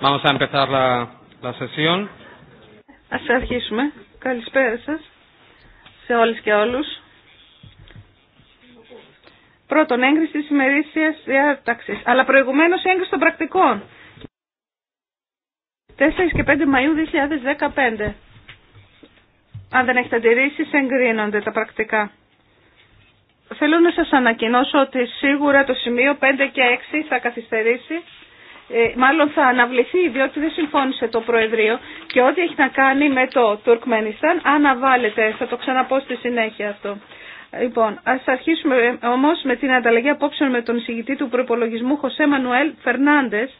Vamos a empezar la, la sesión. Ας αρχίσουμε. Καλησπέρα σας σε όλες και όλους. Πρώτον, έγκριση της ημερήσιας διάταξης, αλλά προηγουμένως έγκριση των πρακτικών. 4 και 5 Μαΐου 2015. Αν δεν έχετε αντιρρήσει, εγκρίνονται τα πρακτικά. Θέλω να σας ανακοινώσω ότι σίγουρα το σημείο 5 και 6 θα καθυστερήσει ε, μάλλον θα αναβληθεί διότι δεν συμφώνησε το Προεδρείο και ό,τι έχει να κάνει με το Τουρκμενιστάν αναβάλλεται. Θα το ξαναπώ στη συνέχεια αυτό. Λοιπόν, α αρχίσουμε όμω με την ανταλλαγή απόψεων με τον εισηγητή του προπολογισμού Χωσέ Μανουέλ Φερνάντε,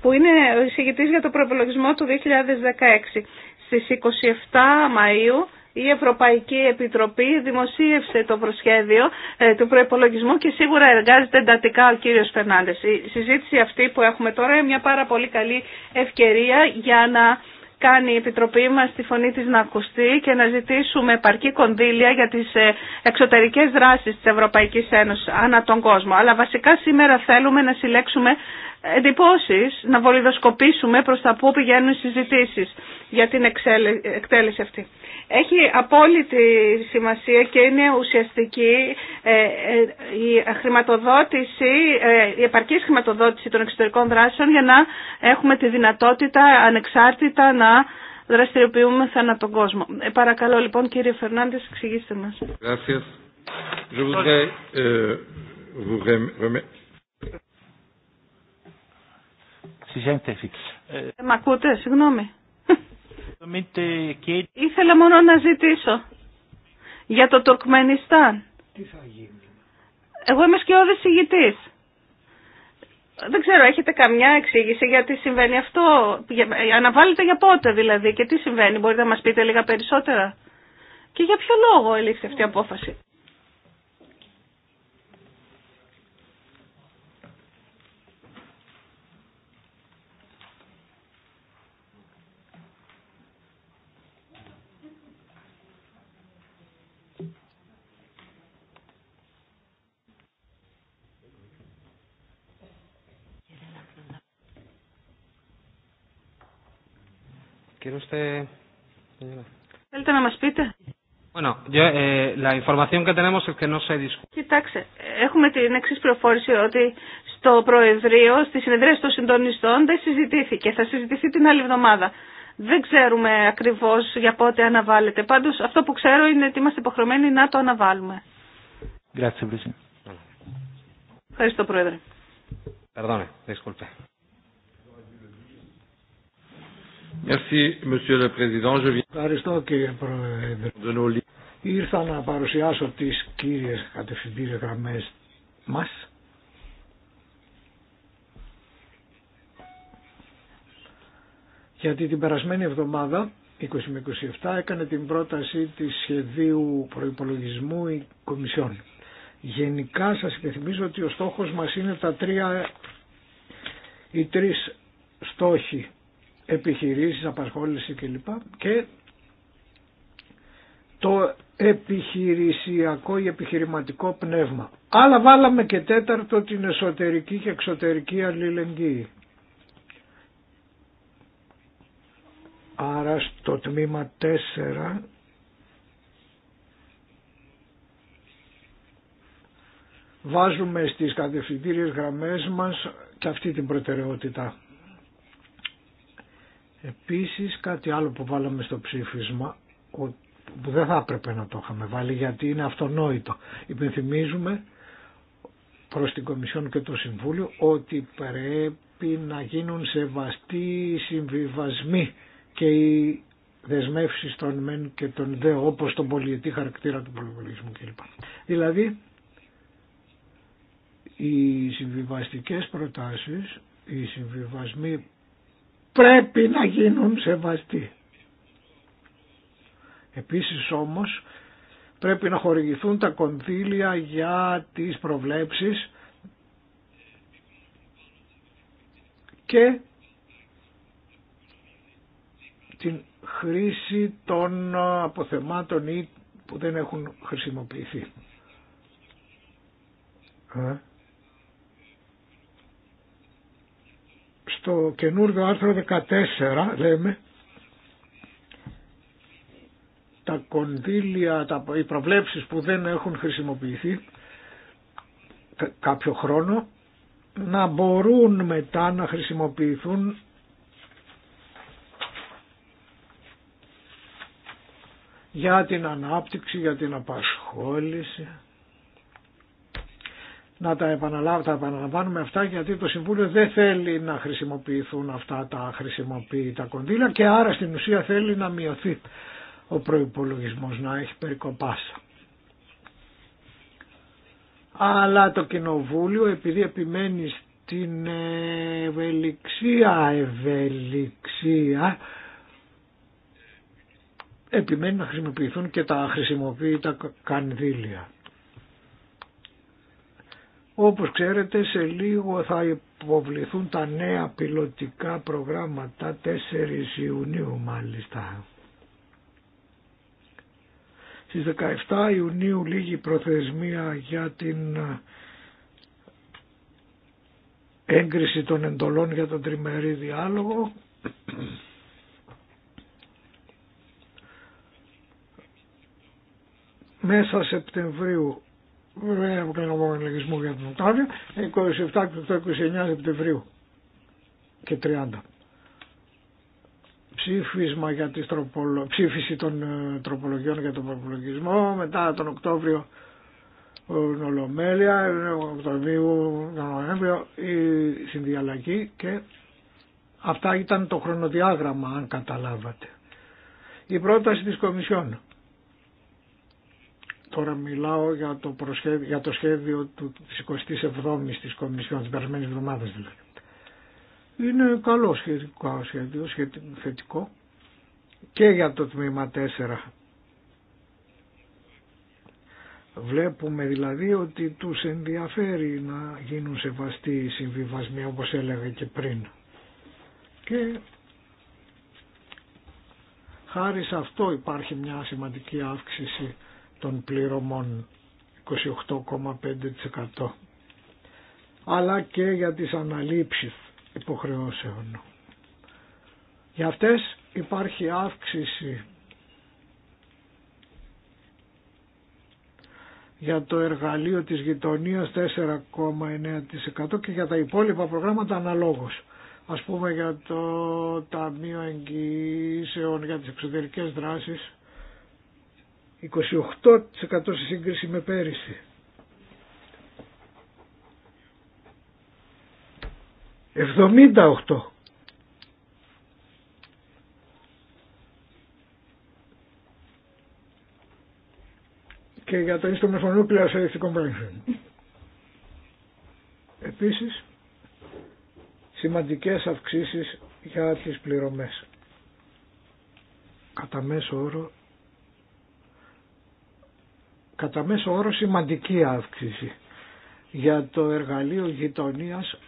που είναι ο εισηγητής για το προπολογισμό του 2016. στι 27 Μαου η Ευρωπαϊκή Επιτροπή δημοσίευσε το προσχέδιο ε, του προπολογισμού και σίγουρα εργάζεται εντατικά ο κύριος Φερνάντες. Η συζήτηση αυτή που έχουμε τώρα είναι μια πάρα πολύ καλή ευκαιρία για να κάνει η Επιτροπή μας τη φωνή της να ακουστεί και να ζητήσουμε επαρκή κονδύλια για τις ε, εξωτερικές δράσεις της Ευρωπαϊκής Ένωσης ανά τον κόσμο. Αλλά βασικά σήμερα θέλουμε να συλλέξουμε εντυπώσει να βολιδοσκοπήσουμε προς τα που πηγαίνουν οι συζητήσεις για την εκτέλεση αυτή. Έχει απόλυτη σημασία και είναι ουσιαστική ε, ε, η χρηματοδότηση, ε, η επαρκής χρηματοδότηση των εξωτερικών δράσεων για να έχουμε τη δυνατότητα ανεξάρτητα να δραστηριοποιούμε θανά τον κόσμο. παρακαλώ λοιπόν κύριε Φερνάντες, εξηγήστε μας. euh, στη σύνθεση. Ε, ε, ακούτε, συγγνώμη. Ήθελα μόνο να ζητήσω για το Τουρκμενιστάν. Τι θα γίνει. Εγώ είμαι σκιώδης ηγητής. Δεν ξέρω, έχετε καμιά εξήγηση γιατί συμβαίνει αυτό. Αναβάλλετε για πότε δηλαδή και τι συμβαίνει. Μπορείτε να μας πείτε λίγα περισσότερα. Και για ποιο λόγο ελήφθη αυτή η απόφαση. Θέλετε να μα πείτε. Bueno, yo, eh, la información que tenemos es que no se Κοιτάξτε, έχουμε την εξή προφόρηση ότι στο Προεδρείο, στη συνεδρία των συντονιστών δεν συζητήθηκε. Θα συζητηθεί την άλλη εβδομάδα. Δεν ξέρουμε ακριβώ για πότε αναβάλλεται. Πάντω αυτό που ξέρω είναι ότι είμαστε υποχρεωμένοι να το αναβάλουμε. Ευχαριστώ, Πρόεδρε. Perdone, disculpe. Merci, Monsieur le Ευχαριστώ κύριε Πρόεδρε. Ήρθα να παρουσιάσω τις κύριες κατευθυντήρια γραμμές μας. Γιατί την περασμένη εβδομάδα, 20 με 27, έκανε την πρόταση της σχεδίου προϋπολογισμού η Κομισιόν. Γενικά σας υπενθυμίζω ότι ο στόχος μας είναι τα τρία, ή τρεις στόχοι επιχειρήσεις, απασχόληση κλπ. Και το επιχειρησιακό ή επιχειρηματικό πνεύμα. Αλλά βάλαμε και τέταρτο την εσωτερική και εξωτερική αλληλεγγύη. Άρα στο τμήμα 4 βάζουμε στις κατευθυντήριες γραμμές μας και αυτή την προτεραιότητα. Επίσης κάτι άλλο που βάλαμε στο ψήφισμα που δεν θα έπρεπε να το είχαμε βάλει γιατί είναι αυτονόητο. Υπενθυμίζουμε προς την Κομισιόν και το Συμβούλιο ότι πρέπει να γίνουν σεβαστοί οι συμβιβασμοί και οι δεσμεύσει των μεν και των δε όπως τον πολιετή χαρακτήρα του πολιτισμού κλπ. Δηλαδή οι συμβιβαστικές προτάσεις, οι συμβιβασμοί πρέπει να γίνουν σεβαστοί. Επίσης όμως πρέπει να χορηγηθούν τα κονδύλια για τις προβλέψεις και την χρήση των αποθεμάτων ή που δεν έχουν χρησιμοποιηθεί. Ε, στο καινούργιο άρθρο 14 λέμε τα κονδύλια, τα, οι προβλέψεις που δεν έχουν χρησιμοποιηθεί κάποιο χρόνο να μπορούν μετά να χρησιμοποιηθούν για την ανάπτυξη, για την απασχόληση να τα, επαναλάβ, τα επαναλαμβάνουμε αυτά γιατί το Συμβούλιο δεν θέλει να χρησιμοποιηθούν αυτά τα χρησιμοποιητά κονδύλια και άρα στην ουσία θέλει να μειωθεί ο προϋπολογισμός να έχει περικοπάσα. Αλλά το Κοινοβούλιο επειδή επιμένει στην ευελιξία ευελιξία επιμένει να χρησιμοποιηθούν και τα χρησιμοποιητά κανδύλια. Όπως ξέρετε σε λίγο θα υποβληθούν τα νέα πιλωτικά προγράμματα 4 Ιουνίου μάλιστα. Στις 17 Ιουνίου λίγη προθεσμία για την έγκριση των εντολών για τον τριμερή διάλογο. Μέσα Σεπτεμβρίου από κανένα λογισμό για τον Οκτώβριο, 27 και 29 Σεπτεμβρίου και 30. Ψήφισμα για τις τροπολο... ψήφιση των ε, τροπολογιών για τον προπολογισμό, μετά τον Οκτώβριο Ολομέλεια, ε, Οκτωβρίου, Νοέμβριο η συνδιαλλαγή και αυτά ήταν το χρονοδιάγραμμα αν καταλάβατε. Η πρόταση της Κομισιόν Τώρα μιλάω για το, για το σχέδιο του, της 27ης της Κομισιόν, της περασμένης εβδομάδας δηλαδή. Είναι καλό σχετικό σχέδιο, θετικό και για το τμήμα 4. Βλέπουμε δηλαδή ότι τους ενδιαφέρει να γίνουν σεβαστοί οι συμβιβασμοί όπως έλεγα και πριν. Και χάρη σε αυτό υπάρχει μια σημαντική αύξηση των πληρωμών 28,5% αλλά και για τις αναλήψεις υποχρεώσεων. Για αυτές υπάρχει αύξηση για το εργαλείο της γειτονίας 4,9% και για τα υπόλοιπα προγράμματα αναλόγως. Ας πούμε για το Ταμείο Εγγυήσεων για τις εξωτερικές δράσεις 28% σε σύγκριση με πέρυσι. 78% Και για το ίστο μεθονούκλεα σε ελεκτικό Επίσης, σημαντικές αυξήσεις για τις πληρωμές. Κατά μέσο όρο κατά μέσο όρο σημαντική αύξηση. Για το εργαλείο γειτονίας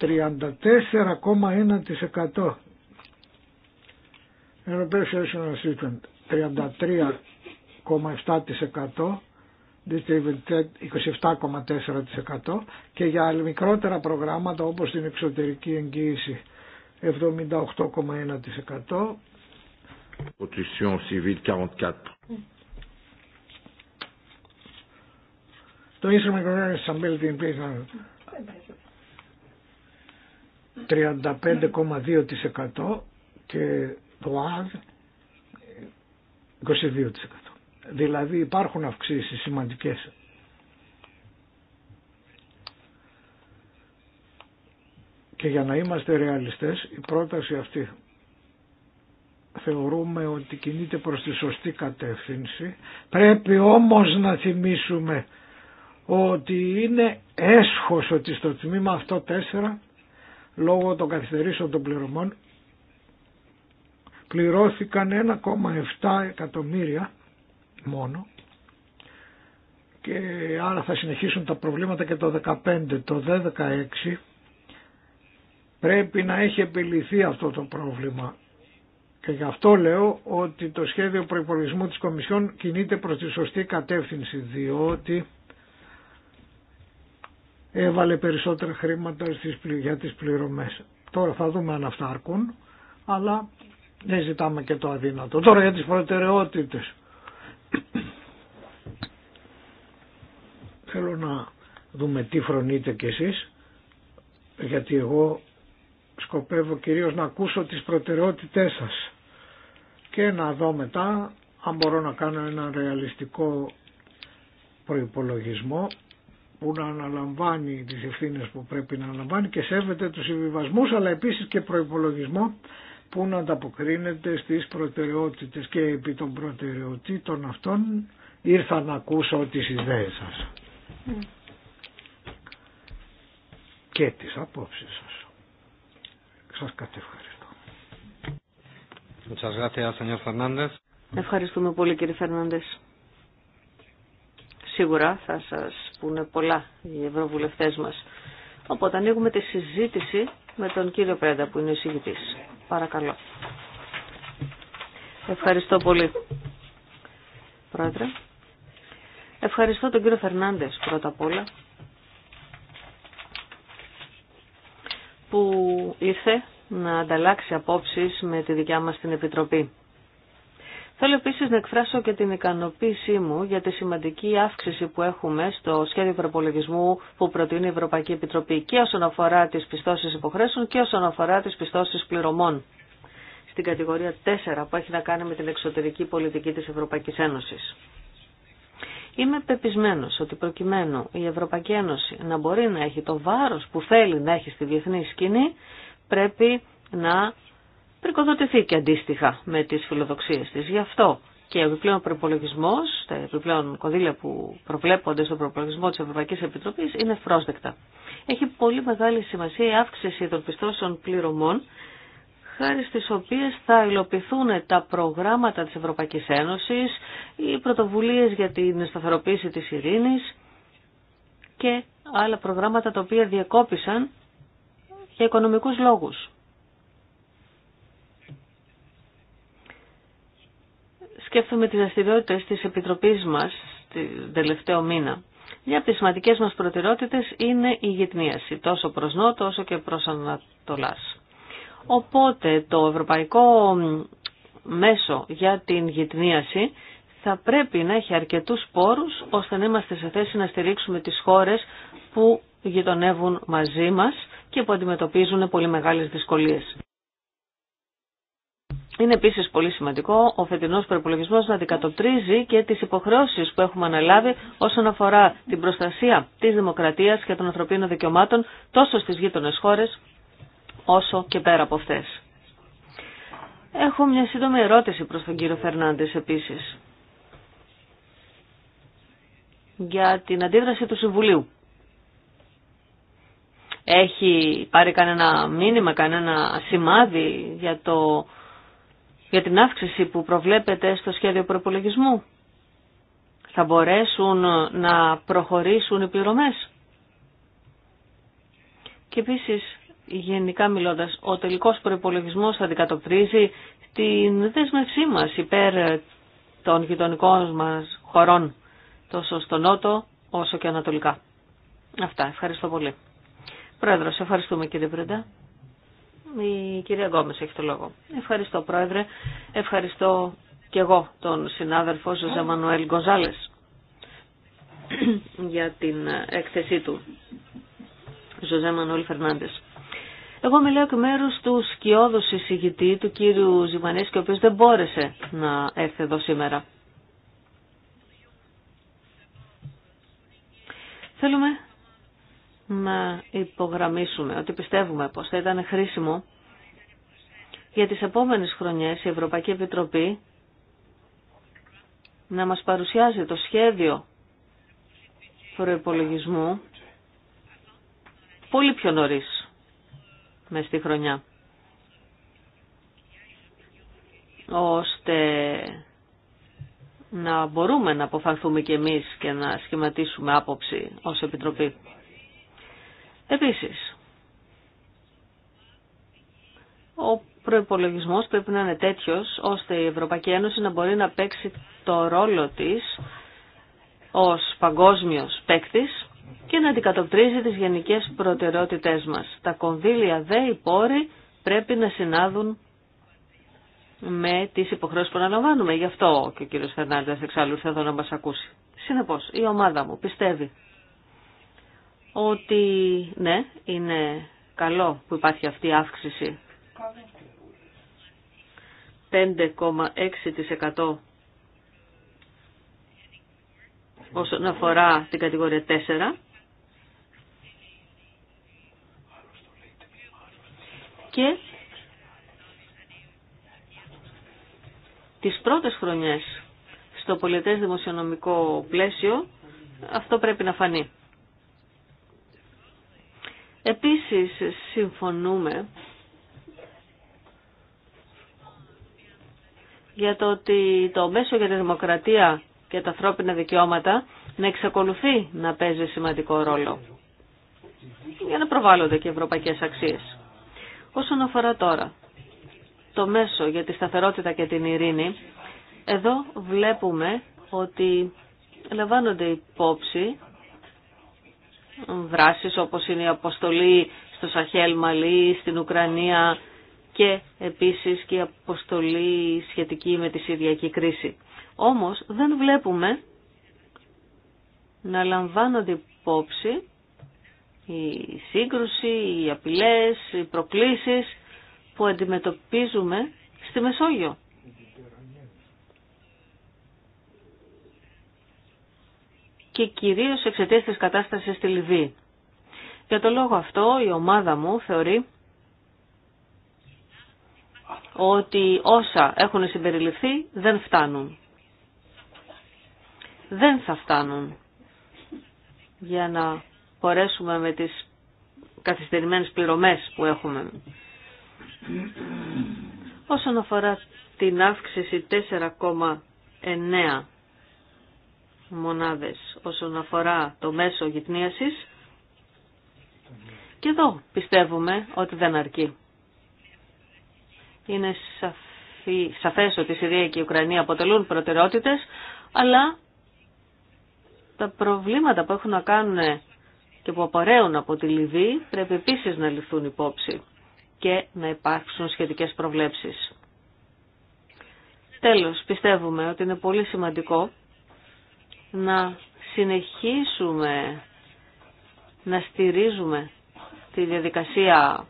34,1%. Ευρωπαϊκό Assistant 33,7% 27,4% και για μικρότερα προγράμματα όπως την εξωτερική εγγύηση 78,1% Protection civile 44 Το instrument economics and building 35,2% και το ΑΔ 22%. Δηλαδή υπάρχουν αυξήσεις σημαντικές. Και για να είμαστε ρεαλιστές, η πρόταση αυτή θεωρούμε ότι κινείται προς τη σωστή κατεύθυνση. Πρέπει όμως να θυμίσουμε ότι είναι έσχος ότι στο τμήμα αυτό 4 λόγω των καθυστερήσεων των πληρωμών πληρώθηκαν 1,7 εκατομμύρια μόνο και άρα θα συνεχίσουν τα προβλήματα και το 15 το 2016 πρέπει να έχει επιληθεί αυτό το πρόβλημα και γι' αυτό λέω ότι το σχέδιο προϋπολογισμού της Κομισιόν κινείται προς τη σωστή κατεύθυνση διότι έβαλε περισσότερα χρήματα στις, για τις πληρωμές. Τώρα θα δούμε αν αυτά αρκούν, αλλά δεν ζητάμε και το αδύνατο. Τώρα για τις προτεραιότητες. Θέλω να δούμε τι φρονείτε κι εσείς, γιατί εγώ σκοπεύω κυρίως να ακούσω τις προτεραιότητές σας και να δω μετά αν μπορώ να κάνω ένα ρεαλιστικό προϋπολογισμό που να αναλαμβάνει τις ευθύνε που πρέπει να αναλαμβάνει και σέβεται τους συμβιβασμούς αλλά επίσης και προϋπολογισμό που να ανταποκρίνεται στις προτεραιότητες και επί των προτεραιοτήτων αυτών ήρθα να ακούσω τις ιδέες σας mm. και τις απόψεις σας. Σας κατευχαριστώ. Ευχαριστούμε πολύ κύριε Φερνάντες σίγουρα θα σας πούνε πολλά οι ευρωβουλευτές μας. Οπότε ανοίγουμε τη συζήτηση με τον κύριο Πρέντα που είναι ο εισηγητής. Παρακαλώ. Ευχαριστώ πολύ. Πρόεδρε. Ευχαριστώ τον κύριο Φερνάντες πρώτα απ' όλα που ήρθε να ανταλλάξει απόψεις με τη δικιά μας την Επιτροπή. Θέλω επίσης να εκφράσω και την ικανοποίησή μου για τη σημαντική αύξηση που έχουμε στο σχέδιο προπολογισμού που προτείνει η Ευρωπαϊκή Επιτροπή και όσον αφορά τις πιστώσεις υποχρέσεων και όσον αφορά τις πιστώσεις πληρωμών στην κατηγορία 4 που έχει να κάνει με την εξωτερική πολιτική της Ευρωπαϊκής Ένωσης. Είμαι πεπισμένος ότι προκειμένου η Ευρωπαϊκή Ένωση να μπορεί να έχει το βάρος που θέλει να έχει στη διεθνή σκηνή πρέπει να πρικοδοτηθεί και αντίστοιχα με τις φιλοδοξίες της. Γι' αυτό και ο επιπλέον προπολογισμό, τα επιπλέον κονδύλια που προβλέπονται στον προπολογισμό τη Ευρωπαϊκή Επιτροπή είναι φρόσδεκτα. Έχει πολύ μεγάλη σημασία η αύξηση των πιστώσεων πληρωμών, χάρη στι οποίε θα υλοποιηθούν τα προγράμματα τη Ευρωπαϊκή Ένωση, οι πρωτοβουλίε για την σταθεροποίηση τη ειρήνη και άλλα προγράμματα τα οποία διακόπησαν για οικονομικούς λόγους. σκέφτομαι τις δραστηριότητε της Επιτροπής μας τον τελευταίο μήνα. Μια από τις σημαντικές μας προτεραιότητες είναι η γυτνίαση, τόσο προς Νότο όσο και προς Ανατολάς. Οπότε το ευρωπαϊκό μέσο για την γυτνίαση θα πρέπει να έχει αρκετούς πόρους ώστε να είμαστε σε θέση να στηρίξουμε τις χώρες που γειτονεύουν μαζί μας και που αντιμετωπίζουν πολύ μεγάλες δυσκολίες. Είναι επίση πολύ σημαντικό ο φετινό προπολογισμό να αντικατοπτρίζει και τι υποχρεώσει που έχουμε αναλάβει όσον αφορά την προστασία τη δημοκρατία και των ανθρωπίνων δικαιωμάτων τόσο στι γείτονε χώρε όσο και πέρα από αυτέ. Έχω μια σύντομη ερώτηση προς τον κύριο Φερνάντες επίσης για την αντίδραση του Συμβουλίου. Έχει πάρει κανένα μήνυμα, κανένα σημάδι για το για την αύξηση που προβλέπεται στο σχέδιο προπολογισμού. Θα μπορέσουν να προχωρήσουν οι πληρωμές. Και επίσης, γενικά μιλώντας, ο τελικός προϋπολογισμός θα αντικατοπτρίζει την δέσμευσή μας υπέρ των γειτονικών μας χωρών, τόσο στο Νότο όσο και ανατολικά. Αυτά. Ευχαριστώ πολύ. Πρόεδρος, ευχαριστούμε κύριε Πρέντα. Η κυρία Γκόμες έχει το λόγο. Ευχαριστώ πρόεδρε. Ευχαριστώ και εγώ τον συνάδελφο Ζωζέ Μανουέλ Γκοζάλες για την έκθεσή του. Ζωζέ Μανουέλ Φερνάντες. Εγώ μιλάω και μέρου του σκιώδου συζητητή του κύριου Ζημανίσκη ο οποίο δεν μπόρεσε να έρθει εδώ σήμερα. Θέλουμε να υπογραμμίσουμε ότι πιστεύουμε πως θα ήταν χρήσιμο για τις επόμενες χρονιές η Ευρωπαϊκή Επιτροπή να μας παρουσιάζει το σχέδιο προϋπολογισμού πολύ πιο νωρίς με στη χρονιά ώστε να μπορούμε να αποφανθούμε και εμείς και να σχηματίσουμε άποψη ως Επιτροπή. Επίσης, ο προϋπολογισμός πρέπει να είναι τέτοιος ώστε η Ευρωπαϊκή Ένωση να μπορεί να παίξει το ρόλο της ως παγκόσμιος παίκτη και να αντικατοπτρίζει τις γενικές προτεραιότητές μας. Τα κονδύλια δε οι πόροι πρέπει να συνάδουν με τις υποχρεώσεις που αναλαμβάνουμε. Γι' αυτό και ο κύριος Φερνάντες εξάλλου θα εδώ να μας ακούσει. Συνεπώς, η ομάδα μου πιστεύει ότι ναι, είναι καλό που υπάρχει αυτή η αύξηση. 5,6% όσον αφορά την κατηγορία 4. Και τις πρώτες χρονιές στο πολιτές δημοσιονομικό πλαίσιο αυτό πρέπει να φανεί. Επίσης συμφωνούμε για το ότι το μέσο για τη δημοκρατία και τα ανθρώπινα δικαιώματα να εξακολουθεί να παίζει σημαντικό ρόλο για να προβάλλονται και ευρωπαϊκές αξίες. Όσον αφορά τώρα το μέσο για τη σταθερότητα και την ειρήνη, εδώ βλέπουμε ότι λαμβάνονται υπόψη δράσεις όπως είναι η αποστολή στο Σαχέλ Μαλή, στην Ουκρανία και επίσης και η αποστολή σχετική με τη Συριακή κρίση. Όμως δεν βλέπουμε να λαμβάνονται υπόψη η σύγκρουση, οι απειλές, οι προκλήσεις που αντιμετωπίζουμε στη Μεσόγειο. και κυρίως εξαιτία της κατάστασης στη Λιβύη. Για το λόγο αυτό η ομάδα μου θεωρεί ότι όσα έχουν συμπεριληφθεί δεν φτάνουν. Δεν θα φτάνουν για να μπορέσουμε με τις καθυστερημένες πληρωμές που έχουμε. Όσον αφορά την αύξηση 4,9 μονάδες όσον αφορά το μέσο γυπνίασης. Και εδώ πιστεύουμε ότι δεν αρκεί. Είναι σαφή, σαφές ότι η Συρία και η Ουκρανία αποτελούν προτεραιότητες, αλλά τα προβλήματα που έχουν να κάνουν και που απορρέουν από τη Λιβύη πρέπει επίσης να λυθούν υπόψη και να υπάρξουν σχετικές προβλέψεις. Τέλος, πιστεύουμε ότι είναι πολύ σημαντικό να συνεχίσουμε να στηρίζουμε τη διαδικασία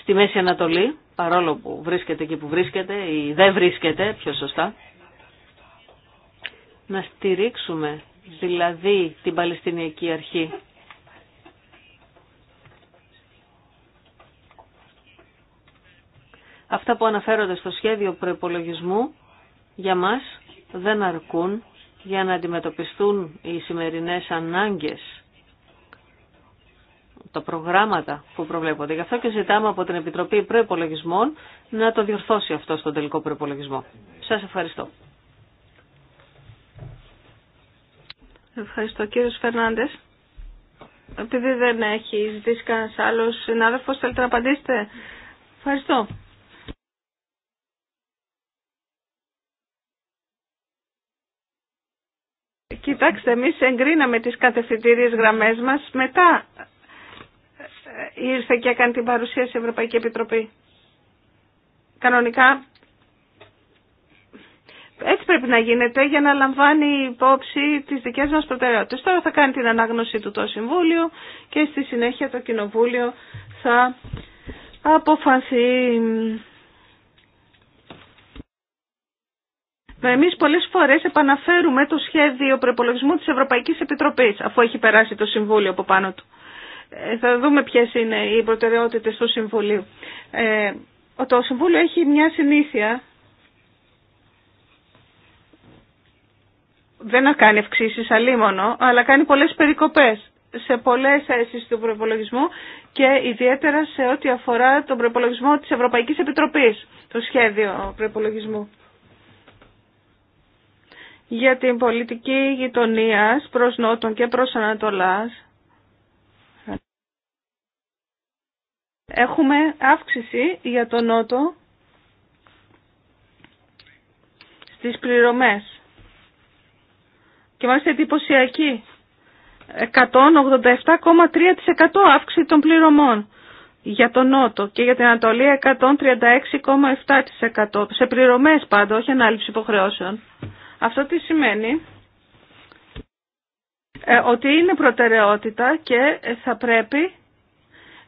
στη Μέση Ανατολή, παρόλο που βρίσκεται εκεί που βρίσκεται ή δεν βρίσκεται, πιο σωστά, να στηρίξουμε δηλαδή την Παλαιστινιακή Αρχή. Αυτά που αναφέρονται στο σχέδιο προϋπολογισμού για μας δεν αρκούν για να αντιμετωπιστούν οι σημερινές ανάγκες, τα προγράμματα που προβλέπονται. Γι' αυτό και ζητάμε από την Επιτροπή Προϋπολογισμών να το διορθώσει αυτό στον τελικό προϋπολογισμό. Σας ευχαριστώ. Ευχαριστώ κύριος Φερνάντες. Επειδή δεν έχει ζητήσει κανένα άλλο συνάδελφο, θέλετε να απαντήσετε. Ευχαριστώ. Κοιτάξτε, εμείς εγκρίναμε τις κατευθυντήριες γραμμές μας. Μετά ήρθε και έκανε την παρουσία η Ευρωπαϊκή Επιτροπή. Κανονικά έτσι πρέπει να γίνεται για να λαμβάνει υπόψη τις δικές μας προτεραιότητες. Τώρα θα κάνει την ανάγνωση του το Συμβούλιο και στη συνέχεια το Κοινοβούλιο θα αποφανθεί Εμεί πολλές φορές επαναφέρουμε το σχέδιο προπολογισμού της Ευρωπαϊκής Επιτροπής, αφού έχει περάσει το Συμβούλιο από πάνω του. Ε, θα δούμε ποιε είναι οι προτεραιότητε του Συμβουλίου. Ε, το Συμβούλιο έχει μια συνήθεια δεν να κάνει αυξήσει αλίμονο, αλλά κάνει πολλές περικοπές σε πολλές θέσει του προπολογισμού και ιδιαίτερα σε ό,τι αφορά τον προπολογισμό τη Ευρωπαϊκή Επιτροπή, το σχέδιο προπολογισμού για την πολιτική γειτονία προς Νότον και προς Ανατολάς. Έχουμε αύξηση για τον Νότο στις πληρωμές. Και είμαστε εντυπωσιακοί. 187,3% αύξηση των πληρωμών για τον Νότο και για την ανατολία 136,7% σε πληρωμές πάντα, όχι ανάληψη υποχρεώσεων. Αυτό τι σημαίνει ε, ότι είναι προτεραιότητα και θα πρέπει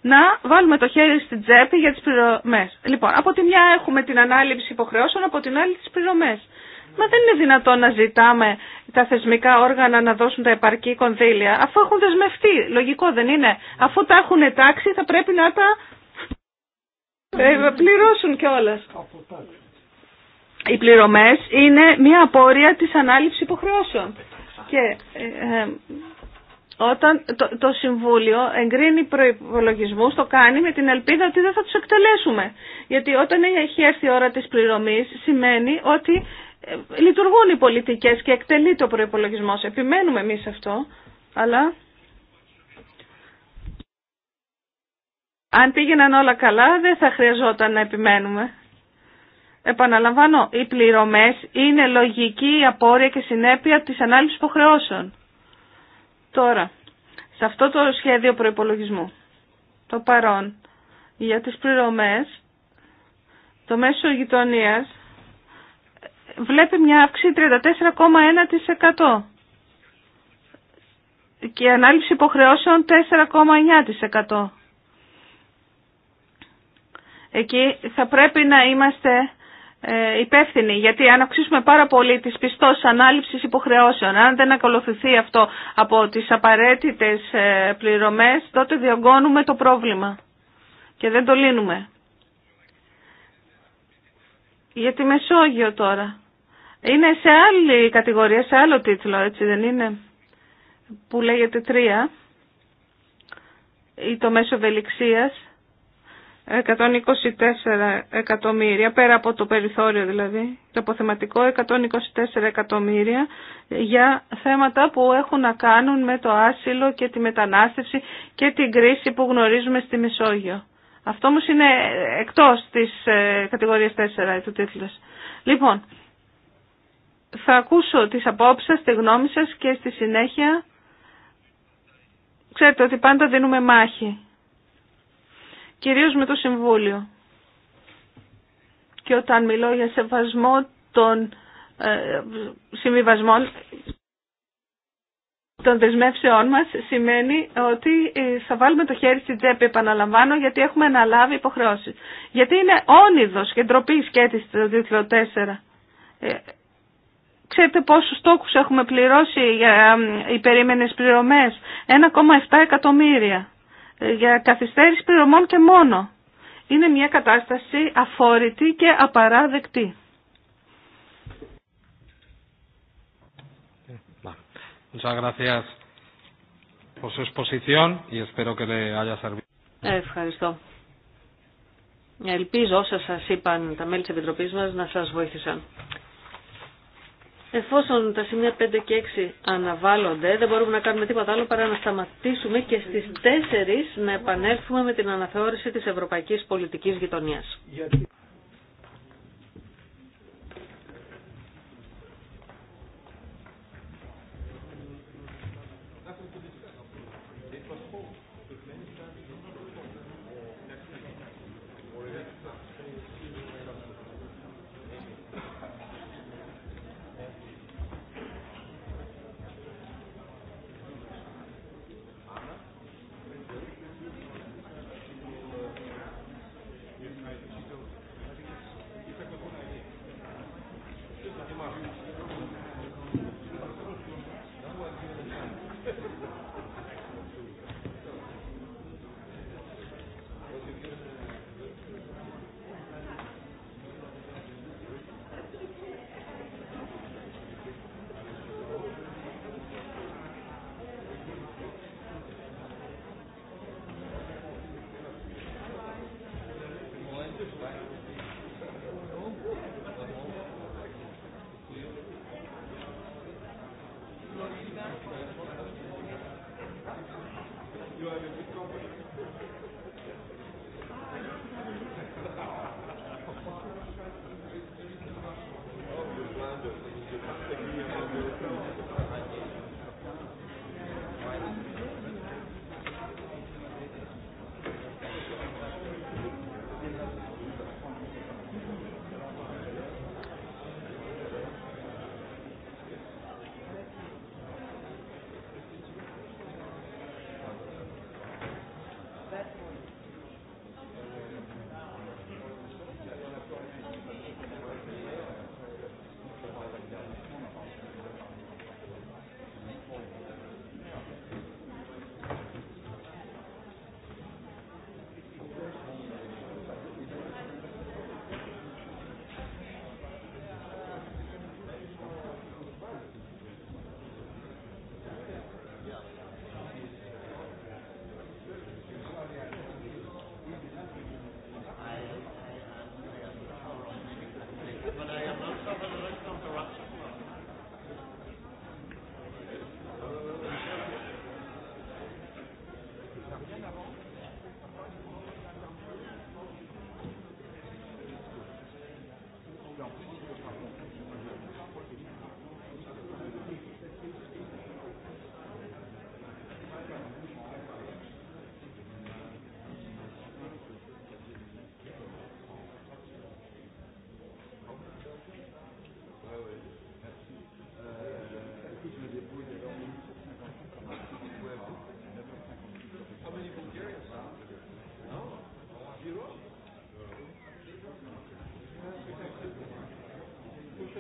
να βάλουμε το χέρι στην τσέπη για τις πληρωμές. Λοιπόν, από τη μια έχουμε την ανάληψη υποχρεώσεων, από την άλλη τις πληρωμές. Μα δεν είναι δυνατόν να ζητάμε τα θεσμικά όργανα να δώσουν τα επαρκή κονδύλια, αφού έχουν δεσμευτεί. Λογικό δεν είναι. Αφού τα έχουν τάξει θα πρέπει να τα ε, πληρώσουν κιόλας οι πληρωμές είναι μια απόρρια της ανάληψης υποχρεώσεων. Και ε, ε, όταν το, το Συμβούλιο εγκρίνει προπολογισμού, το κάνει με την ελπίδα ότι δεν θα τους εκτελέσουμε. Γιατί όταν έχει έρθει η ώρα της πληρωμής σημαίνει ότι ε, λειτουργούν οι πολιτικές και εκτελεί το προπολογισμό. Επιμένουμε εμείς αυτό, αλλά... Αν πήγαιναν όλα καλά, δεν θα χρειαζόταν να επιμένουμε. Επαναλαμβάνω, οι πληρωμές είναι λογική απόρρια και συνέπεια της ανάλυσης υποχρεώσεων. Τώρα, σε αυτό το σχέδιο προϋπολογισμού, το παρόν, για τις πληρωμές, το μέσο γειτονίας βλέπει μια αύξηση 34,1% και η ανάλυση υποχρεώσεων 4,9%. Εκεί θα πρέπει να είμαστε ε, υπεύθυνοι. Γιατί αν αυξήσουμε πάρα πολύ τις πιστός ανάληψης υποχρεώσεων, αν δεν ακολουθηθεί αυτό από τις απαραίτητες ε, πληρωμές, τότε διωγγώνουμε το πρόβλημα και δεν το λύνουμε. Για τη Μεσόγειο τώρα. Είναι σε άλλη κατηγορία, σε άλλο τίτλο, έτσι δεν είναι, που λέγεται τρία, ή το μέσο βελιξίας; 124 εκατομμύρια, πέρα από το περιθώριο δηλαδή, το αποθεματικό 124 εκατομμύρια για θέματα που έχουν να κάνουν με το άσυλο και τη μετανάστευση και την κρίση που γνωρίζουμε στη Μεσόγειο. Αυτό όμως είναι εκτός της ε, κατηγορίας 4 του τίτλου. Λοιπόν, θα ακούσω τις απόψεις σας, τη γνώμη σας και στη συνέχεια ξέρετε ότι πάντα δίνουμε μάχη κυρίως με το Συμβούλιο. Και όταν μιλώ για σεβασμό των ε, συμβιβασμών, των δεσμεύσεών μας, σημαίνει ότι ε, θα βάλουμε το χέρι στην τσέπη, επαναλαμβάνω, γιατί έχουμε αναλάβει υποχρεώσεις. Γιατί είναι όνειδος και ντροπή σκέτη στο 2004. Ε, ξέρετε πόσους στόχους έχουμε πληρώσει για ε, περίμενες πληρωμές. 1,7 εκατομμύρια. Ε, για καθυστέρηση πληρωμών και μόνο. Είναι μια κατάσταση αφόρητη και απαράδεκτη. Ε, ε, ευχαριστώ. Ελπίζω όσα σας είπαν τα μέλη της Επιτροπής μας να σας βοήθησαν. Εφόσον τα σημεία 5 και 6 αναβάλλονται, δεν μπορούμε να κάνουμε τίποτα άλλο παρά να σταματήσουμε και στις 4 να επανέλθουμε με την αναθεώρηση της ευρωπαϊκής πολιτικής γειτονίας.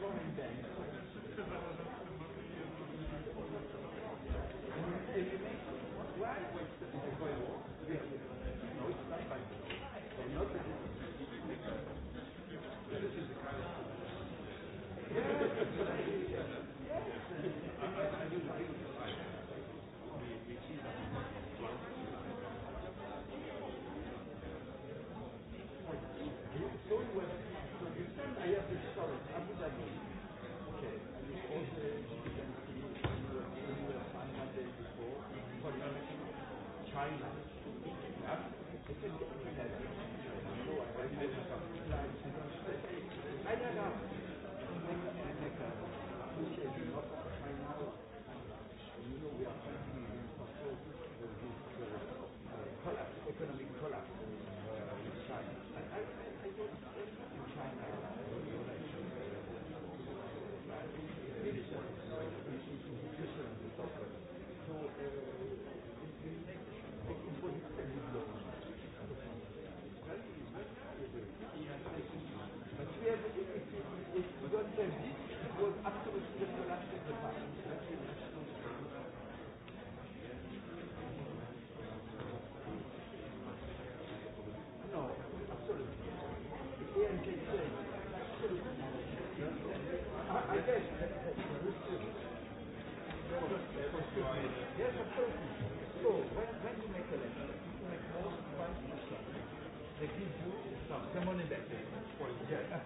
μοντέλο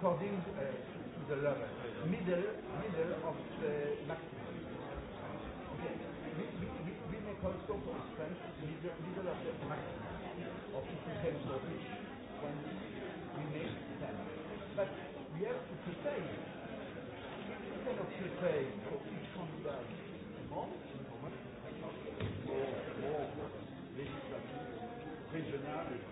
according to the level, middle, middle of the maximum. We, we, we, make for middle, of the maximum of the when we make them. But we have to prepare. We cannot prepare for each one more, more, regional,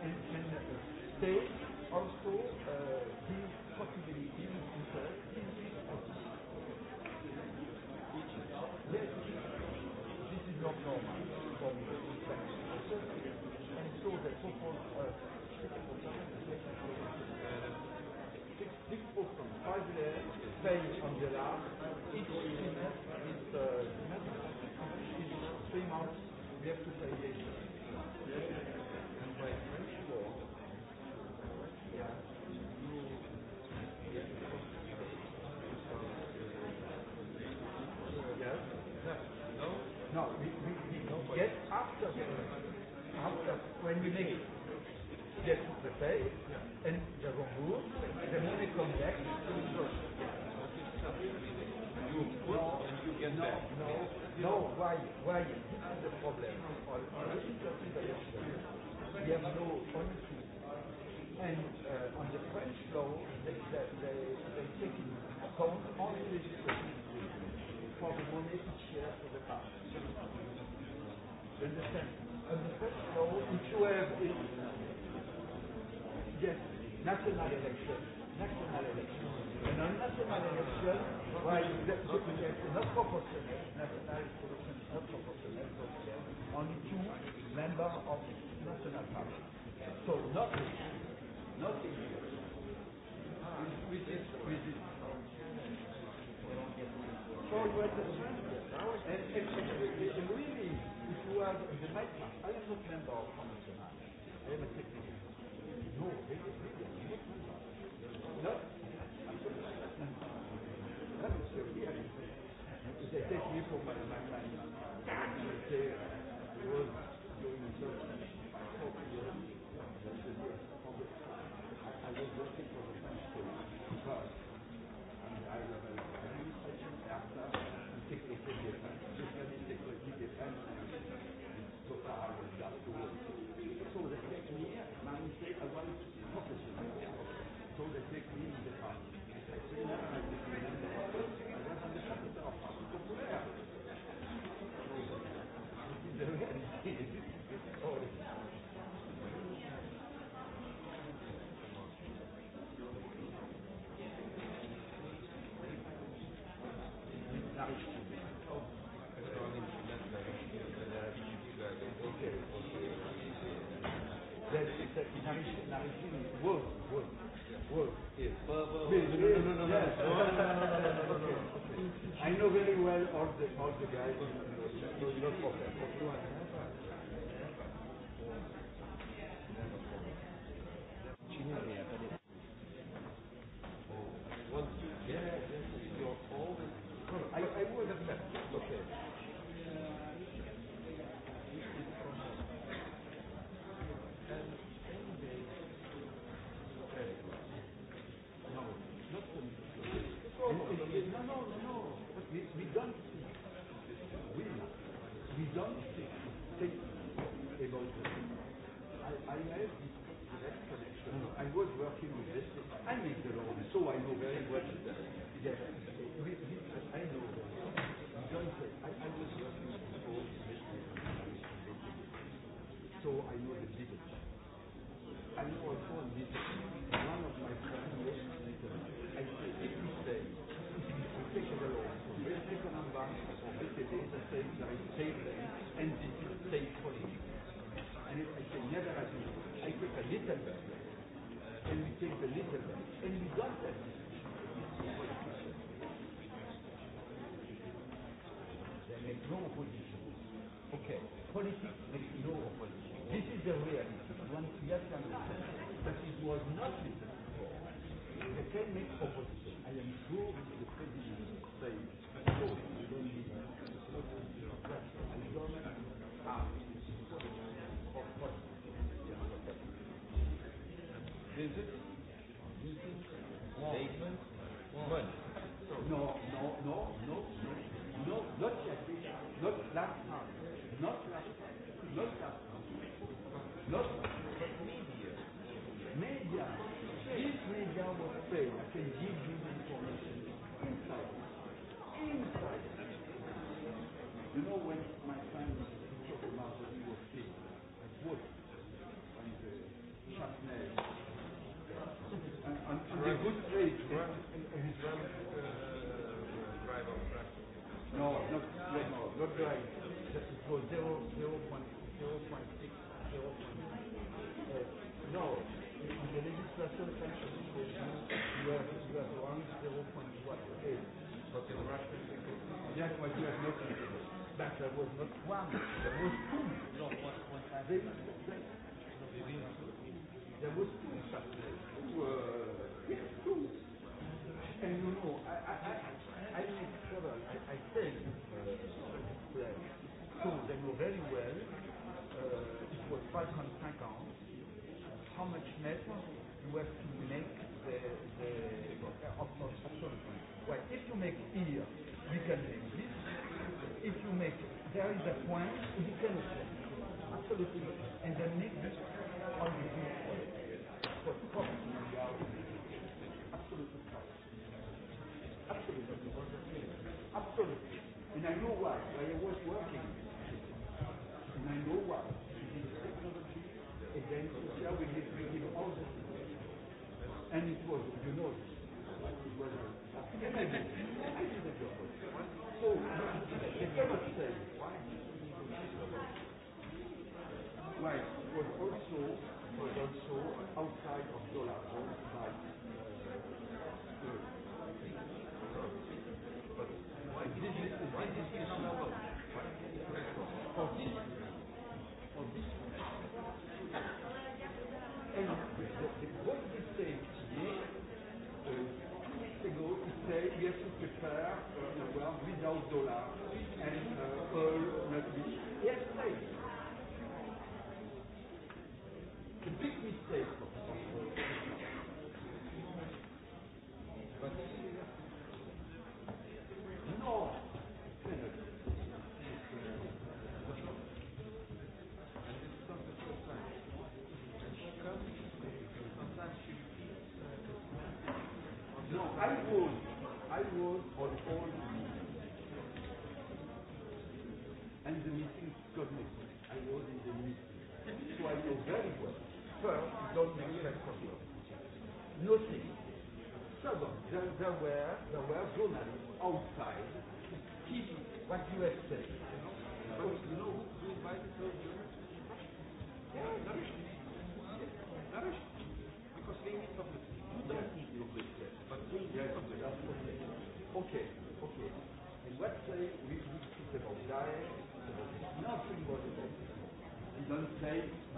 yeah and the room, the money comes back to the and you get why? Why? is the problem. We have no honesty. And uh, on the French law, they, they, they, take account only for the money each year for the past. Understand? the law, you have national election. National election. And on national election, while not proportional, national solution is not proportional, only two members of national party. So nothing, nothing with this, with So you the and, and, really, if you are the night, I am not member of Congress. I am a Thank you all the all the guys, for two and a half. was nothing. there was not one, there was two. There, there was two such two, uh, yes, two. And you know, I, I, I, I made several, I, I think uh, so they know very well, uh, it was 550, how much metal you have to make the, the, of, of, Well, if you make here, you can make this, if you make it, there is a point you can absolutely and then make this on the for profit. Absolutely. Absolutely. Absolutely. And I know why. I was working. And I know why. Technology and then social we need to give all this. And it was, you know, it was a, I did the job. Right, was also, was also outside of dollar.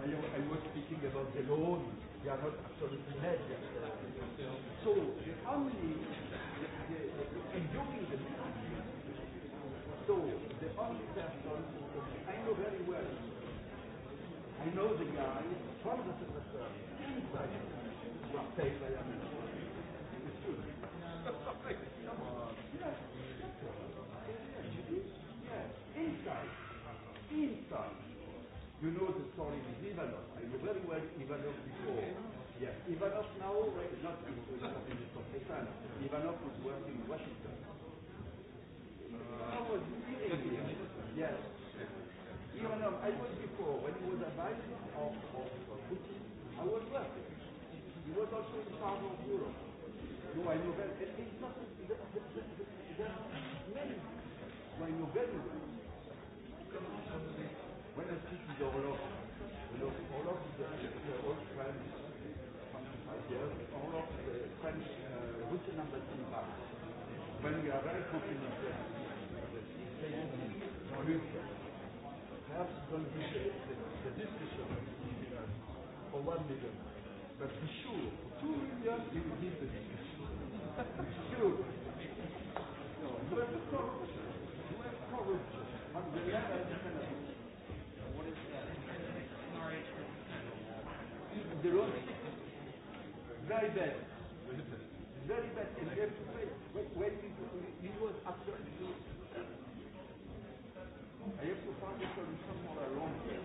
I was speaking about the loan. They are not absolutely net. So the family, enjoying the So the only person, I know very well. I know the guy from the professor. Inside. paid by Come on. Yes. Yes. Inside. Inside. You know the Ivanov now, not in Pakistan, Ivanov was working in Washington. I was yes. Ivanov, I was before, when he was advisor of, of Putin, I was working. He was also in part of Europe. No, I know very It's not, there are many who I know very well. When I speak with Orlov, Orlov is an old friend. When we are very confident that we have to the distribution for one million, but for sure, two million we will need the sure. you have to You have what is that? Very bad. Very bad. And they have to pay. When he was after I have to find a solution for a long term.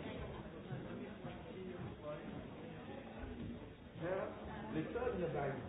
turn the third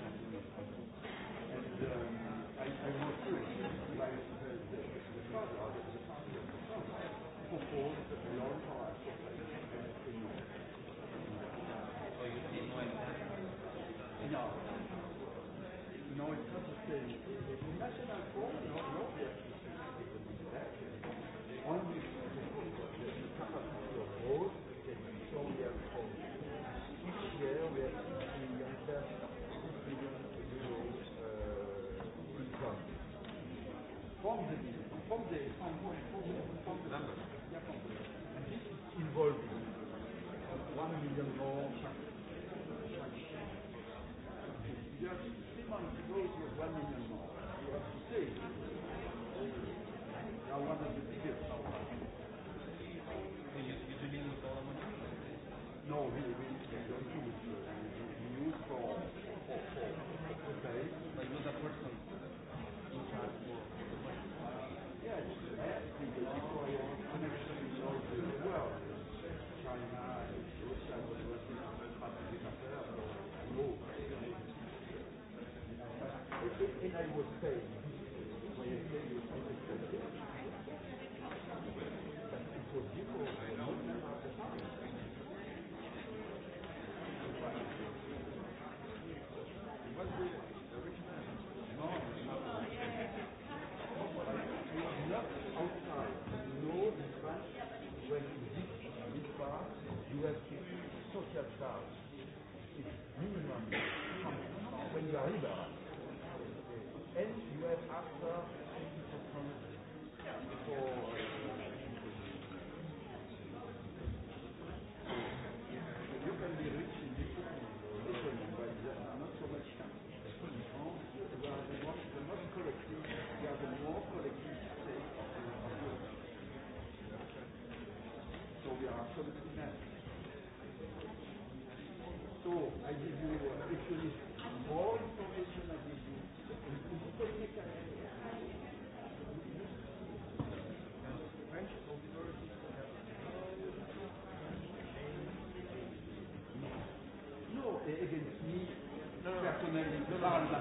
πάρουν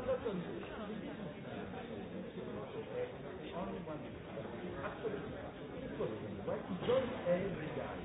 Absolutely. Right?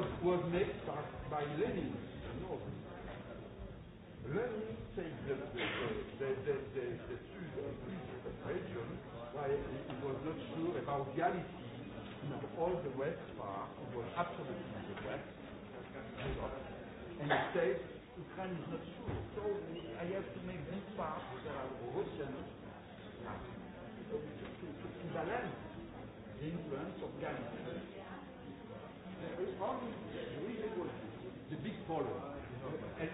was, was made by, by Lenin. No. Lenin said that the, the, the, the, the region why he was not sure about reality in all the West part, it was absolutely the West, and he said, Ukraine is not sure, so I have to make this part that are Russian to, to, to balance the influence of reality the big problem? And,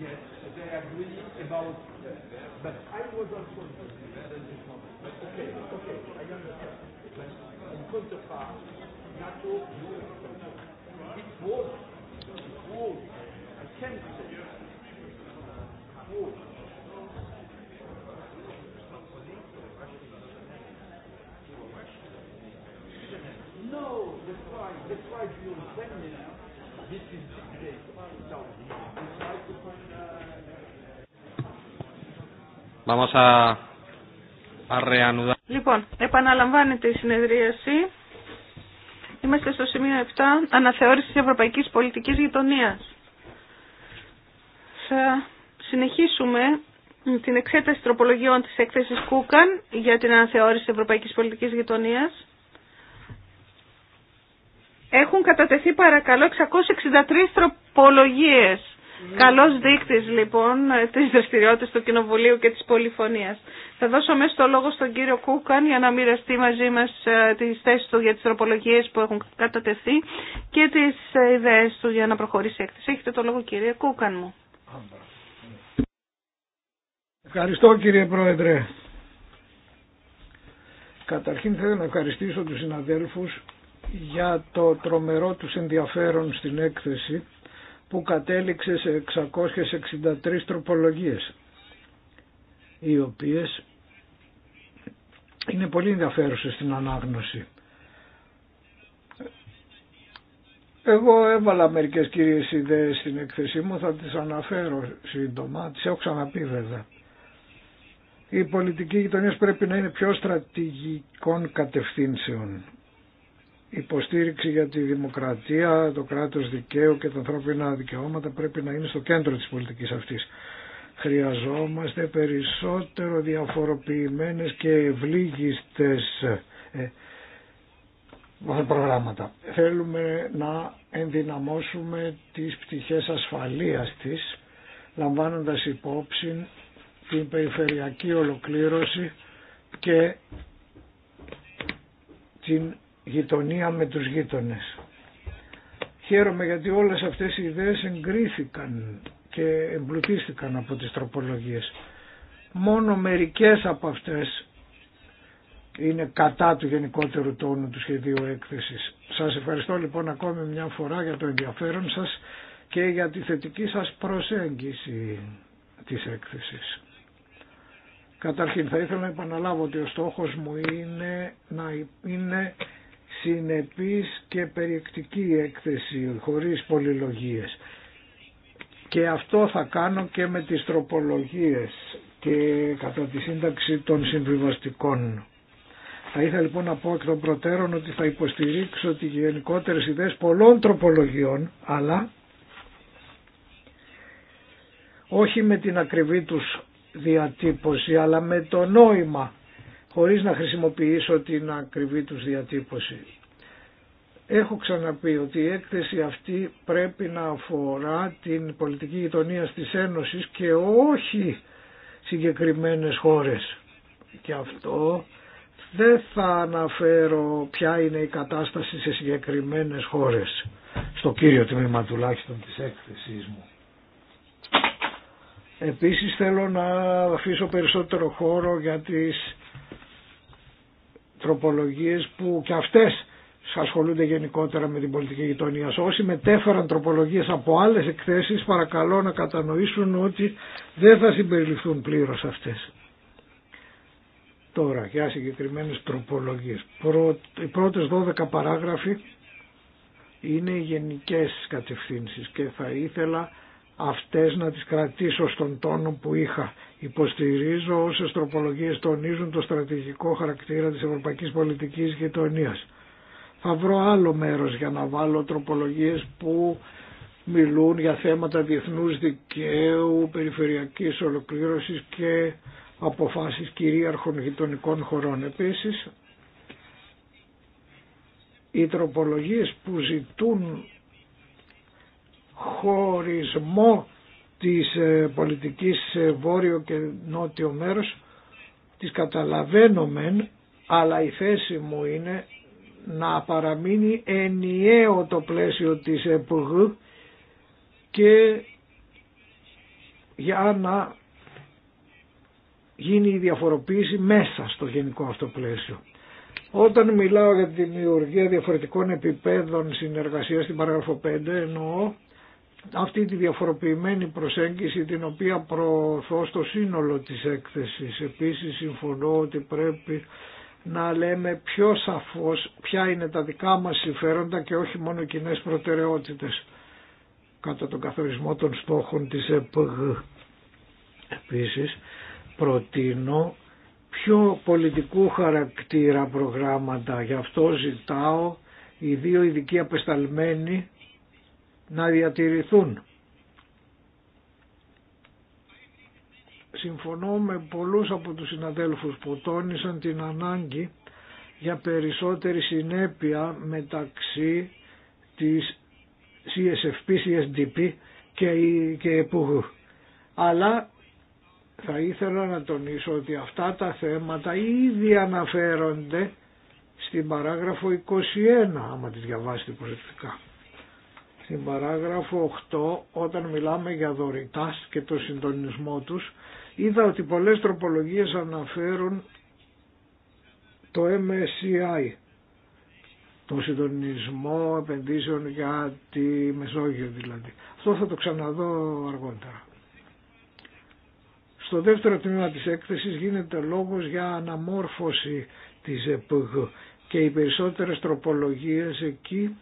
Yes, they agree about. But I was also Vamos a, a reanudar. Λοιπόν, επαναλαμβάνεται η συνεδρίαση. Είμαστε στο σημείο 7, αναθεώρηση της Ευρωπαϊκής Πολιτικής Γειτονίας. Θα συνεχίσουμε την εξέταση τροπολογιών της έκθεσης Κούκαν για την αναθεώρηση της Ευρωπαϊκής Πολιτικής Γειτονίας. Έχουν κατατεθεί παρακαλώ 663 τροπολογίες. Mm. Καλός δείκτης λοιπόν της δραστηριότητας του Κοινοβουλίου και της πολυφωνίας. Θα δώσω μέσα το λόγο στον κύριο Κούκαν για να μοιραστεί μαζί μας ε, τις θέσεις του για τις τροπολογίες που έχουν κατατεθεί και τις ε, ιδέες του για να προχωρήσει η έκθεση. Έχετε το λόγο κύριε Κούκαν μου. Ευχαριστώ κύριε Πρόεδρε. Καταρχήν θέλω να ευχαριστήσω τους συναδέλφους για το τρομερό τους ενδιαφέρον στην έκθεση που κατέληξε σε 663 τροπολογίες οι οποίες είναι πολύ ενδιαφέρουσες στην ανάγνωση. Εγώ έβαλα μερικές κυρίες ιδέες στην έκθεσή μου, θα τις αναφέρω σύντομα, τις έχω ξαναπεί βέβαια. Η πολιτική γειτονία πρέπει να είναι πιο στρατηγικών κατευθύνσεων υποστήριξη για τη δημοκρατία, το κράτος δικαίου και τα ανθρώπινα δικαιώματα πρέπει να είναι στο κέντρο της πολιτικής αυτής. Χρειαζόμαστε περισσότερο διαφοροποιημένες και ευλίγιστες ε, ε, προγράμματα. Θέλουμε να ενδυναμώσουμε τις πτυχές ασφαλείας της, λαμβάνοντας υπόψη την περιφερειακή ολοκλήρωση και την γειτονία με τους γείτονες. Χαίρομαι γιατί όλες αυτές οι ιδέες εγκρίθηκαν και εμπλουτίστηκαν από τις τροπολογίες. Μόνο μερικές από αυτές είναι κατά του γενικότερου τόνου του σχεδίου έκθεσης. Σας ευχαριστώ λοιπόν ακόμη μια φορά για το ενδιαφέρον σας και για τη θετική σας προσέγγιση της έκθεσης. Καταρχήν θα ήθελα να επαναλάβω ότι ο στόχος μου είναι να είναι συνεπής και περιεκτική έκθεση χωρίς πολυλογίες. Και αυτό θα κάνω και με τις τροπολογίες και κατά τη σύνταξη των συμβιβαστικών. Θα ήθελα λοιπόν να πω εκ των προτέρων ότι θα υποστηρίξω τις γενικότερες ιδέες πολλών τροπολογιών, αλλά όχι με την ακριβή τους διατύπωση, αλλά με το νόημα χωρίς να χρησιμοποιήσω την ακριβή τους διατύπωση. Έχω ξαναπεί ότι η έκθεση αυτή πρέπει να αφορά την πολιτική γειτονία της Ένωσης και όχι συγκεκριμένες χώρες. Και αυτό δεν θα αναφέρω ποια είναι η κατάσταση σε συγκεκριμένες χώρες, στο κύριο τμήμα τουλάχιστον της έκθεσής μου. Επίσης θέλω να αφήσω περισσότερο χώρο για τις τροπολογίες που και αυτές ασχολούνται γενικότερα με την πολιτική γειτονία. Όσοι μετέφεραν τροπολογίε από άλλες εκθέσεις παρακαλώ να κατανοήσουν ότι δεν θα συμπεριληφθούν πλήρως αυτές. Τώρα για συγκεκριμένε τροπολογίε. Οι πρώτε 12 παράγραφοι είναι οι γενικές κατευθύνσει. και θα ήθελα αυτές να τις κρατήσω στον τόνο που είχα Υποστηρίζω όσες τροπολογίες τονίζουν το στρατηγικό χαρακτήρα της ευρωπαϊκής πολιτικής γειτονίας. Θα βρω άλλο μέρος για να βάλω τροπολογίες που μιλούν για θέματα διεθνούς δικαίου, περιφερειακής ολοκλήρωσης και αποφάσεις κυρίαρχων γειτονικών χωρών. Επίσης, οι τροπολογίες που ζητούν χωρισμό της ε, πολιτικής σε βόρειο και νότιο μέρος τις καταλαβαίνομαι, αλλά η θέση μου είναι να παραμείνει ενιαίο το πλαίσιο της ΕΠΓ και για να γίνει η διαφοροποίηση μέσα στο γενικό αυτό πλαίσιο. Όταν μιλάω για τη δημιουργία διαφορετικών επιπέδων συνεργασίας στην παράγραφο 5 εννοώ αυτή τη διαφοροποιημένη προσέγγιση την οποία προωθώ στο σύνολο της έκθεσης. Επίσης συμφωνώ ότι πρέπει να λέμε πιο σαφώς ποια είναι τα δικά μας συμφέροντα και όχι μόνο κοινέ προτεραιότητες κατά τον καθορισμό των στόχων της ΕΠΓ. Επίσης προτείνω πιο πολιτικού χαρακτήρα προγράμματα. Γι' αυτό ζητάω οι δύο ειδικοί απεσταλμένοι να διατηρηθούν. Συμφωνώ με πολλούς από τους συναδέλφους που τόνισαν την ανάγκη για περισσότερη συνέπεια μεταξύ της CSFP, CSDP και, και Αλλά θα ήθελα να τονίσω ότι αυτά τα θέματα ήδη αναφέρονται στην παράγραφο 21, άμα τη διαβάσετε προσεκτικά στην παράγραφο 8 όταν μιλάμε για δωρητάς και το συντονισμό τους είδα ότι πολλές τροπολογίες αναφέρουν το MSCI το συντονισμό επενδύσεων για τη Μεσόγειο δηλαδή. Αυτό θα το ξαναδώ αργότερα. Στο δεύτερο τμήμα της έκθεσης γίνεται λόγος για αναμόρφωση της ΕΠΓ και οι περισσότερες τροπολογίες εκεί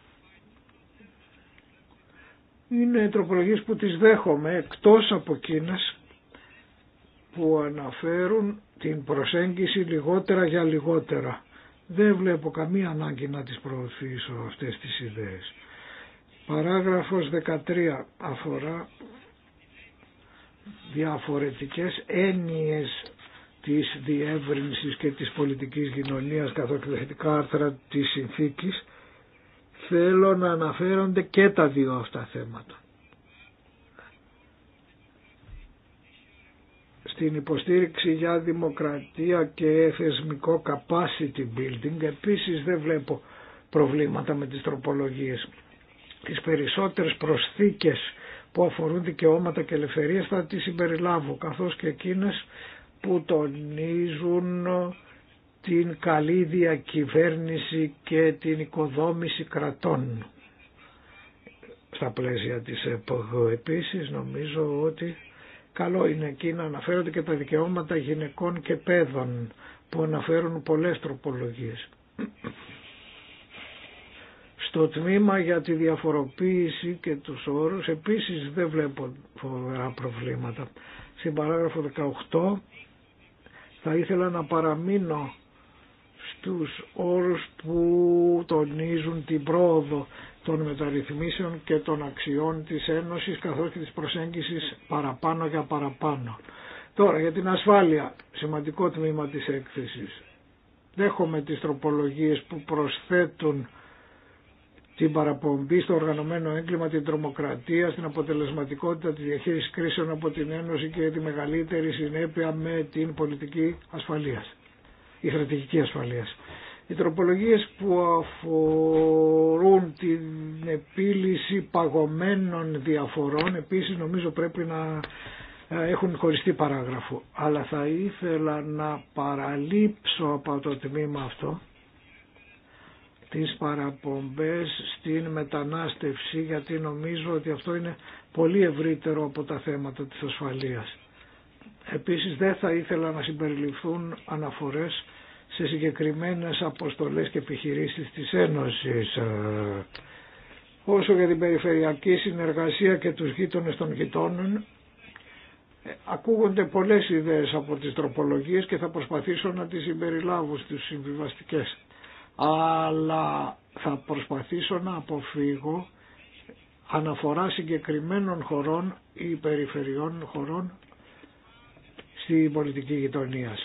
είναι τροπολογίες που τις δέχομαι εκτός από εκείνες που αναφέρουν την προσέγγιση λιγότερα για λιγότερα. Δεν βλέπω καμία ανάγκη να τις προωθήσω αυτές τις ιδέες. Παράγραφος 13 αφορά διαφορετικές έννοιες της διεύρυνσης και της πολιτικής κοινωνίας καθώς και τα άρθρα της συνθήκης θέλω να αναφέρονται και τα δύο αυτά θέματα. Στην υποστήριξη για δημοκρατία και θεσμικό capacity building επίσης δεν βλέπω προβλήματα με τις τροπολογίες. Τις περισσότερες προσθήκες που αφορούν δικαιώματα και ελευθερίες θα τις συμπεριλάβω καθώς και εκείνες που τονίζουν την καλή διακυβέρνηση και την οικοδόμηση κρατών. Στα πλαίσια της ΕΠΟΓΟ επίσης νομίζω ότι καλό είναι εκεί να αναφέρονται και τα δικαιώματα γυναικών και παιδών που αναφέρουν πολλές τροπολογίες. Στο τμήμα για τη διαφοροποίηση και τους όρους επίσης δεν βλέπω φοβερά προβλήματα. Στην παράγραφο 18 θα ήθελα να παραμείνω τους όρους που τονίζουν την πρόοδο των μεταρρυθμίσεων και των αξιών της Ένωσης καθώς και της προσέγγισης παραπάνω για παραπάνω. Τώρα για την ασφάλεια, σημαντικό τμήμα της έκθεσης. Δέχομαι τις τροπολογίες που προσθέτουν την παραπομπή στο οργανωμένο έγκλημα, την τρομοκρατία, στην αποτελεσματικότητα της διαχείρισης κρίσεων από την Ένωση και τη μεγαλύτερη συνέπεια με την πολιτική ασφαλείας η στρατηγική ασφαλεία. Οι τροπολογίες που αφορούν την επίλυση παγωμένων διαφορών επίσης νομίζω πρέπει να ε, έχουν χωριστή παράγραφο. Αλλά θα ήθελα να παραλείψω από το τμήμα αυτό τις παραπομπές στην μετανάστευση γιατί νομίζω ότι αυτό είναι πολύ ευρύτερο από τα θέματα της ασφαλείας. Επίσης δεν θα ήθελα να συμπεριληφθούν αναφορές σε συγκεκριμένες αποστολές και επιχειρήσεις της Ένωσης. Ε, όσο για την περιφερειακή συνεργασία και τους γείτονες των γειτόνων, ε, ακούγονται πολλές ιδέες από τις τροπολογίες και θα προσπαθήσω να τις συμπεριλάβω στις συμβιβαστικές. Αλλά θα προσπαθήσω να αποφύγω αναφορά συγκεκριμένων χωρών ή περιφερειών χωρών στην πολιτική γειτονία.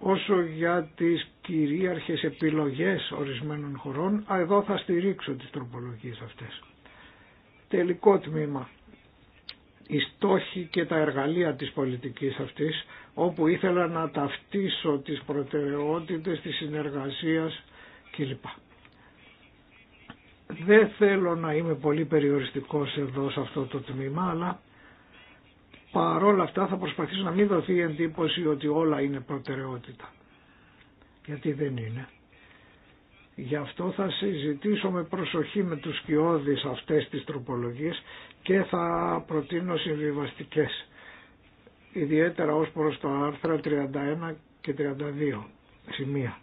Όσο για τις κυρίαρχες επιλογές ορισμένων χωρών, εδώ θα στηρίξω τις τροπολογίες αυτές. Τελικό τμήμα. Οι στόχοι και τα εργαλεία της πολιτικής αυτής, όπου ήθελα να ταυτίσω τις προτεραιότητες της συνεργασίας κλπ. Δεν θέλω να είμαι πολύ περιοριστικός εδώ σε αυτό το τμήμα, αλλά παρόλα αυτά θα προσπαθήσω να μην δοθεί η εντύπωση ότι όλα είναι προτεραιότητα. Γιατί δεν είναι. Γι' αυτό θα συζητήσω με προσοχή με τους σκιώδεις αυτές τις τροπολογίες και θα προτείνω συμβιβαστικές. Ιδιαίτερα ως προς τα άρθρα 31 και 32 σημεία.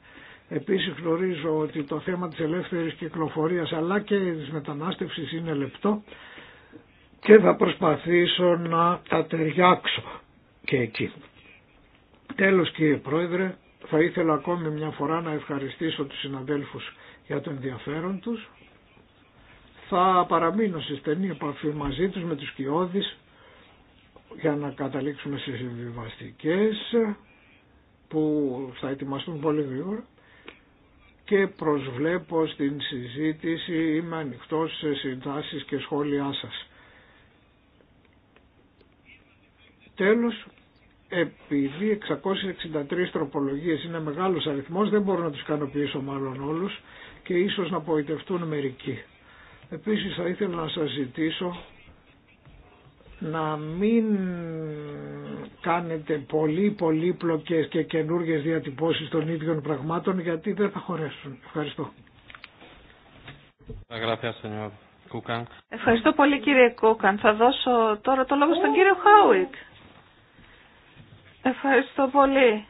Επίσης γνωρίζω ότι το θέμα της ελεύθερης κυκλοφορίας αλλά και της μετανάστευσης είναι λεπτό και θα προσπαθήσω να τα ταιριάξω και εκεί. Τέλος κύριε Πρόεδρε, θα ήθελα ακόμη μια φορά να ευχαριστήσω τους συναδέλφους για τον ενδιαφέρον τους. Θα παραμείνω σε στενή επαφή μαζί τους με τους κοιόδης για να καταλήξουμε σε συμβιβαστικές που θα ετοιμαστούν πολύ γρήγορα και προσβλέπω στην συζήτηση είμαι ανοιχτός σε συντάσεις και σχόλιά σας. Τέλος, επειδή 663 τροπολογίες είναι μεγάλος αριθμός, δεν μπορώ να τους ικανοποιήσω μάλλον όλους και ίσως να απογοητευτούν μερικοί. Επίσης θα ήθελα να σας ζητήσω να μην κάνετε πολύ πολύπλοκες και καινούργιες διατυπώσεις των ίδιων πραγμάτων γιατί δεν θα χωρέσουν. Ευχαριστώ. Ευχαριστώ πολύ κύριε Κούκαν. Θα δώσω τώρα το λόγο στον κύριο Χάουικ. Ευχαριστώ πολύ.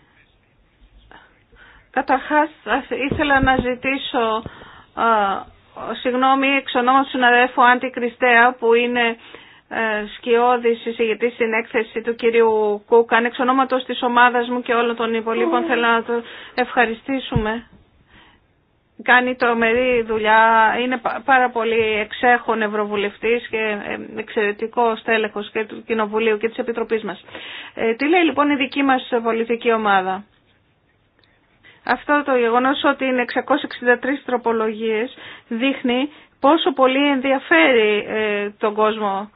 Καταρχάς ήθελα να ζητήσω συγγνώμη εξ του συναδέλφου Άντι Κριστέα που είναι ε, σκιώδης εισηγητής στην έκθεση του κυρίου Κούκαν εξ ονόματος της ομάδας μου και όλων των υπολείπων θέλω να το ευχαριστήσουμε κάνει τρομερή δουλειά, είναι πάρα πολύ εξέχων ευρωβουλευτής και ε, εξαιρετικό τέλεχος και του Κοινοβουλίου και της Επιτροπής μας. Ε, τι λέει λοιπόν η δική μας πολιτική ομάδα. Αυτό το γεγονός ότι είναι 663 τροπολογίες δείχνει πόσο πολύ ενδιαφέρει ε, τον κόσμο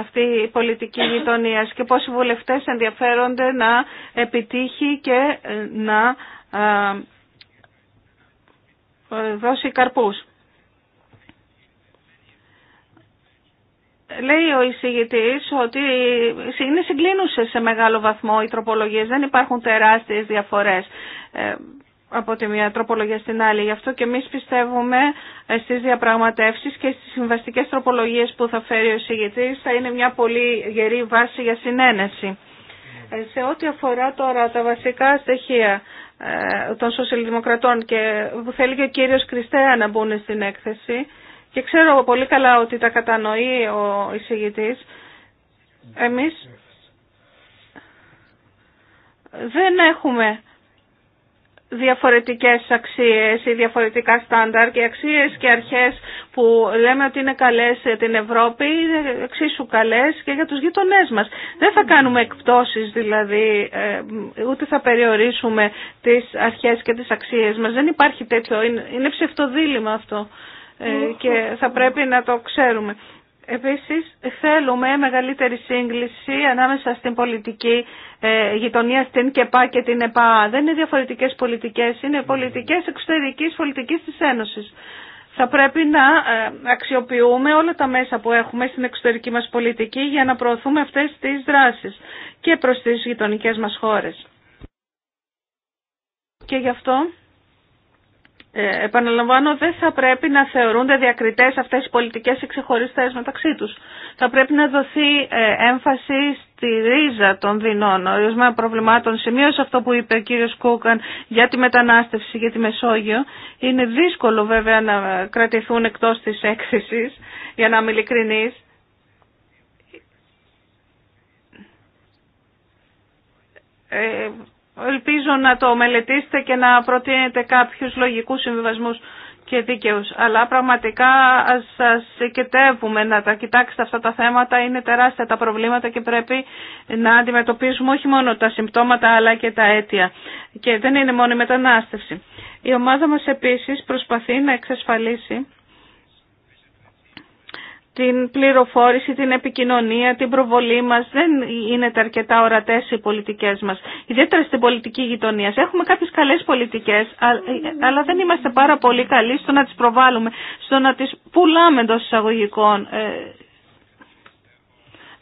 αυτή η πολιτική γειτονία και πόσοι βουλευτές ενδιαφέρονται να επιτύχει και να δώσει καρπούς. Λέει ο εισηγητής ότι είναι συγκλίνουσε σε μεγάλο βαθμό οι τροπολογίες, δεν υπάρχουν τεράστιες διαφορές ε, από τη μία τροπολογία στην άλλη. Γι' αυτό και εμείς πιστεύουμε ε, στις διαπραγματεύσεις και στις συμβαστικές τροπολογίες που θα φέρει ο εισηγητής θα είναι μια πολύ γερή βάση για συνένεση. Ε, σε ό,τι αφορά τώρα τα βασικά στοιχεία ε, των Σοσιαλδημοκρατών και που θέλει και ο κύριος Κριστέα να μπουν στην έκθεση και ξέρω πολύ καλά ότι τα κατανοεί ο εισηγητής. Εμείς δεν έχουμε διαφορετικές αξίες ή διαφορετικά στάνταρ και αξίες και αρχές που λέμε ότι είναι καλές στην την Ευρώπη είναι εξίσου καλές και για τους γειτονές μας. Δεν θα κάνουμε εκπτώσεις δηλαδή, ε, ούτε θα περιορίσουμε τις αρχές και τις αξίες μας. Δεν υπάρχει τέτοιο, είναι ψευτοδήλημα αυτό ε, και θα πρέπει να το ξέρουμε. Επίσης θέλουμε μεγαλύτερη σύγκληση ανάμεσα στην πολιτική ε, γειτονία στην ΚΕΠΑ και την ΕΠΑ. Δεν είναι διαφορετικές πολιτικές, είναι πολιτικές εξωτερικής πολιτικής της Ένωσης. Θα πρέπει να ε, αξιοποιούμε όλα τα μέσα που έχουμε στην εξωτερική μας πολιτική για να προωθούμε αυτές τις δράσεις και προς τις γειτονικές μας χώρες. Και γι' αυτό ε, επαναλαμβάνω, δεν θα πρέπει να θεωρούνται διακριτές αυτές οι πολιτικές εξεχωριστές μεταξύ τους. Θα πρέπει να δοθεί ε, έμφαση στη ρίζα των δεινών, ορισμένων προβλημάτων. Σημείωσα αυτό που είπε ο κύριο Κούκαν για τη μετανάστευση, για τη Μεσόγειο. Είναι δύσκολο βέβαια να κρατηθούν εκτός της έκθεσης, για να είμαι ε, ελπίζω να το μελετήσετε και να προτείνετε κάποιους λογικούς συμβιβασμούς και δίκαιους. Αλλά πραγματικά σας συγκετεύουμε να τα κοιτάξετε αυτά τα θέματα. Είναι τεράστια τα προβλήματα και πρέπει να αντιμετωπίζουμε όχι μόνο τα συμπτώματα αλλά και τα αίτια. Και δεν είναι μόνο η μετανάστευση. Η ομάδα μας επίσης προσπαθεί να εξασφαλίσει την πληροφόρηση, την επικοινωνία, την προβολή μας. Δεν είναι τα αρκετά ορατές οι πολιτικές μας. Ιδιαίτερα στην πολιτική γειτονία. Έχουμε κάποιες καλές πολιτικές, αλλά δεν είμαστε πάρα πολύ καλοί στο να τις προβάλλουμε, στο να τις πουλάμε εντό εισαγωγικών. Ε,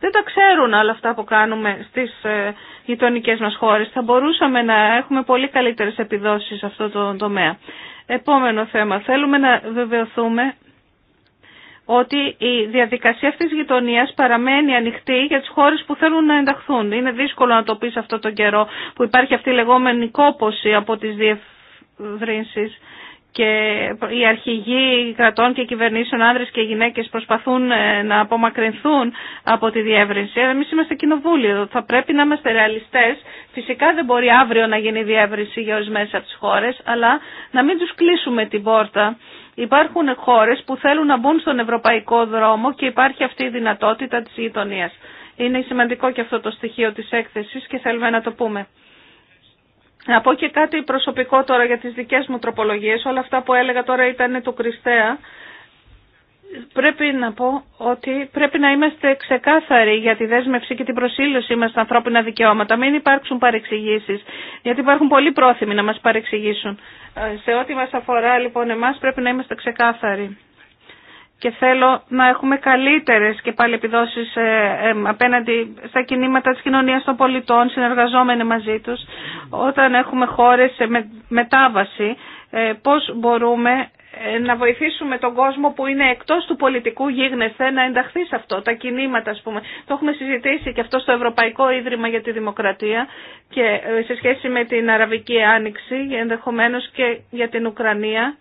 δεν τα ξέρουν όλα αυτά που κάνουμε στις ε, γειτονικέ μας χώρες. Θα μπορούσαμε να έχουμε πολύ καλύτερες επιδόσεις σε αυτό το τομέα. Επόμενο θέμα. Θέλουμε να βεβαιωθούμε ότι η διαδικασία αυτής της γειτονίας παραμένει ανοιχτή για τις χώρες που θέλουν να ενταχθούν. Είναι δύσκολο να το πεις αυτό τον καιρό που υπάρχει αυτή η λεγόμενη κόποση από τις διευρύνσεις και οι αρχηγοί κρατών και κυβερνήσεων, άνδρες και γυναίκες προσπαθούν ε, να απομακρυνθούν από τη διεύρυνση. Εμεί είμαστε κοινοβούλιο, θα πρέπει να είμαστε ρεαλιστές. Φυσικά δεν μπορεί αύριο να γίνει η διεύρυνση για ορισμένε από τις χώρες, αλλά να μην τους κλείσουμε την πόρτα Υπάρχουν χώρες που θέλουν να μπουν στον ευρωπαϊκό δρόμο και υπάρχει αυτή η δυνατότητα της γειτονία. Είναι σημαντικό και αυτό το στοιχείο της έκθεσης και θέλουμε να το πούμε. Να πω και κάτι προσωπικό τώρα για τις δικές μου τροπολογίες. Όλα αυτά που έλεγα τώρα ήταν του Κριστέα πρέπει να πω ότι πρέπει να είμαστε ξεκάθαροι για τη δέσμευση και την προσήλωσή μας στα ανθρώπινα δικαιώματα. Μην υπάρξουν παρεξηγήσεις, γιατί υπάρχουν πολλοί πρόθυμοι να μας παρεξηγήσουν. Ε, σε ό,τι μας αφορά λοιπόν εμάς πρέπει να είμαστε ξεκάθαροι. Και θέλω να έχουμε καλύτερες και πάλι επιδόσεις ε, ε, απέναντι στα κινήματα της κοινωνίας των πολιτών, συνεργαζόμενοι μαζί τους, όταν έχουμε χώρες με, μετάβαση, πώς μπορούμε ε, να βοηθήσουμε τον κόσμο που είναι εκτός του πολιτικού γίγνεσθε να ενταχθεί σε αυτό, τα κινήματα ας πούμε. Το έχουμε συζητήσει και αυτό στο Ευρωπαϊκό Ίδρυμα για τη Δημοκρατία και ε, σε σχέση με την Αραβική Άνοιξη, ενδεχομένως και για την Ουκρανία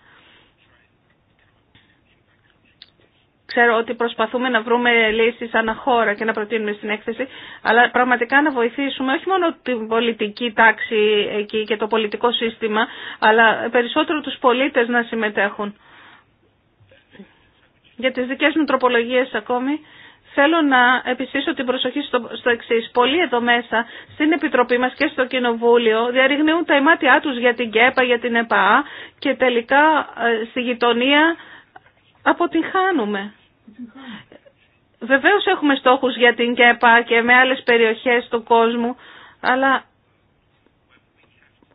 Ξέρω ότι προσπαθούμε να βρούμε λύσεις αναχώρα και να προτείνουμε στην έκθεση, αλλά πραγματικά να βοηθήσουμε όχι μόνο την πολιτική τάξη εκεί και το πολιτικό σύστημα, αλλά περισσότερο τους πολίτες να συμμετέχουν. Για τι δικέ μου τροπολογίε ακόμη, θέλω να επιστήσω την προσοχή στο, στο εξή. Πολλοί εδώ μέσα, στην Επιτροπή μα και στο Κοινοβούλιο, διαρριγνύουν τα ημάτια του για την ΚΕΠΑ, για την ΕΠΑ και τελικά ε, στη γειτονία αποτυγχάνουμε. Βεβαίως έχουμε στόχους για την ΚΕΠΑ και με άλλες περιοχές του κόσμου, αλλά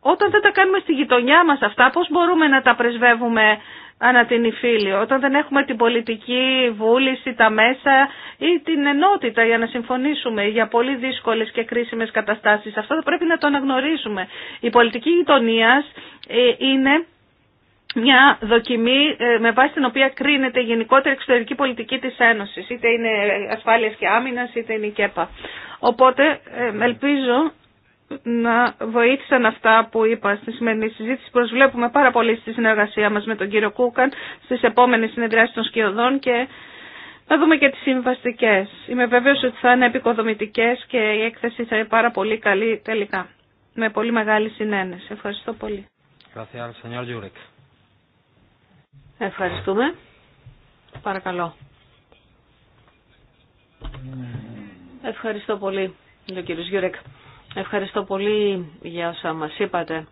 όταν δεν τα κάνουμε στη γειτονιά μας αυτά, πώς μπορούμε να τα πρεσβεύουμε ανά την υφήλη, όταν δεν έχουμε την πολιτική βούληση, τα μέσα ή την ενότητα για να συμφωνήσουμε για πολύ δύσκολες και κρίσιμες καταστάσεις. Αυτό θα πρέπει να το αναγνωρίσουμε. Η πολιτική γειτονία ε, είναι μια δοκιμή ε, με βάση την οποία κρίνεται η γενικότερη εξωτερική πολιτική της Ένωσης, είτε είναι ασφάλειας και άμυνας, είτε είναι η ΚΕΠΑ. Οπότε ε, ελπίζω να βοήθησαν αυτά που είπα στη σημερινή συζήτηση. Προσβλέπουμε πάρα πολύ στη συνεργασία μας με τον κύριο Κούκαν στις επόμενες συνεδριάσεις των σκιωδών και να δούμε και τις συμβαστικές. Είμαι βέβαιος ότι θα είναι επικοδομητικές και η έκθεση θα είναι πάρα πολύ καλή τελικά. Με πολύ μεγάλη συνένεση. Ευχαριστώ πολύ. Gracias, señor Ευχαριστούμε. Παρακαλώ. Ευχαριστώ πολύ, κύριε ο Γιούρεκ. Ευχαριστώ πολύ για όσα μας είπατε.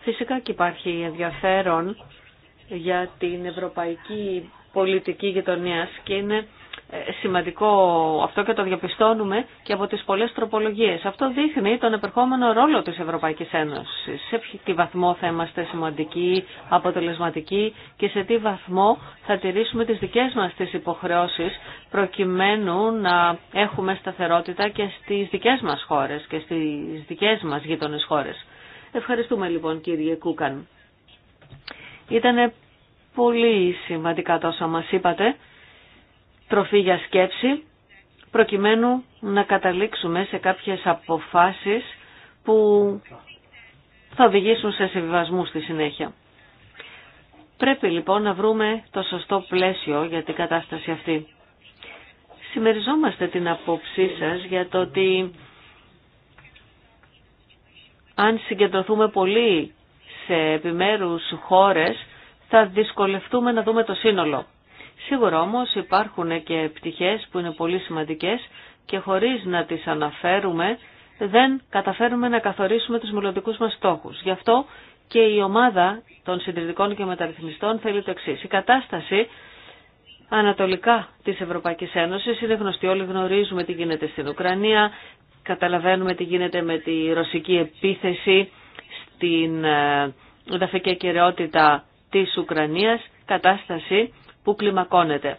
Φυσικά και υπάρχει ενδιαφέρον για την ευρωπαϊκή πολιτική γειτονία και είναι σημαντικό αυτό και το διαπιστώνουμε και από τις πολλές τροπολογίες. Αυτό δείχνει τον επερχόμενο ρόλο της Ευρωπαϊκής Ένωσης. Σε τι βαθμό θα είμαστε σημαντικοί, αποτελεσματικοί και σε τι βαθμό θα τηρήσουμε τις δικές μας τις υποχρεώσεις προκειμένου να έχουμε σταθερότητα και στις δικές μας χώρες και στις δικές μας γείτονες χώρες. Ευχαριστούμε λοιπόν κύριε Κούκαν. Ήταν πολύ σημαντικά τόσα μας είπατε τροφή για σκέψη προκειμένου να καταλήξουμε σε κάποιες αποφάσεις που θα οδηγήσουν σε συμβιβασμού στη συνέχεια. Πρέπει λοιπόν να βρούμε το σωστό πλαίσιο για την κατάσταση αυτή. Συμμεριζόμαστε την απόψή σας για το ότι αν συγκεντρωθούμε πολύ σε επιμέρους χώρες θα δυσκολευτούμε να δούμε το σύνολο. Σίγουρα όμως υπάρχουν και πτυχές που είναι πολύ σημαντικές και χωρίς να τις αναφέρουμε δεν καταφέρουμε να καθορίσουμε τους μελλοντικού μας στόχους. Γι' αυτό και η ομάδα των συντηρητικών και μεταρρυθμιστών θέλει το εξή. Η κατάσταση ανατολικά της Ευρωπαϊκής Ένωσης είναι γνωστή. Όλοι γνωρίζουμε τι γίνεται στην Ουκρανία, καταλαβαίνουμε τι γίνεται με τη ρωσική επίθεση στην εδαφική κυριότητα της Ουκρανίας, κατάσταση που κλιμακώνεται.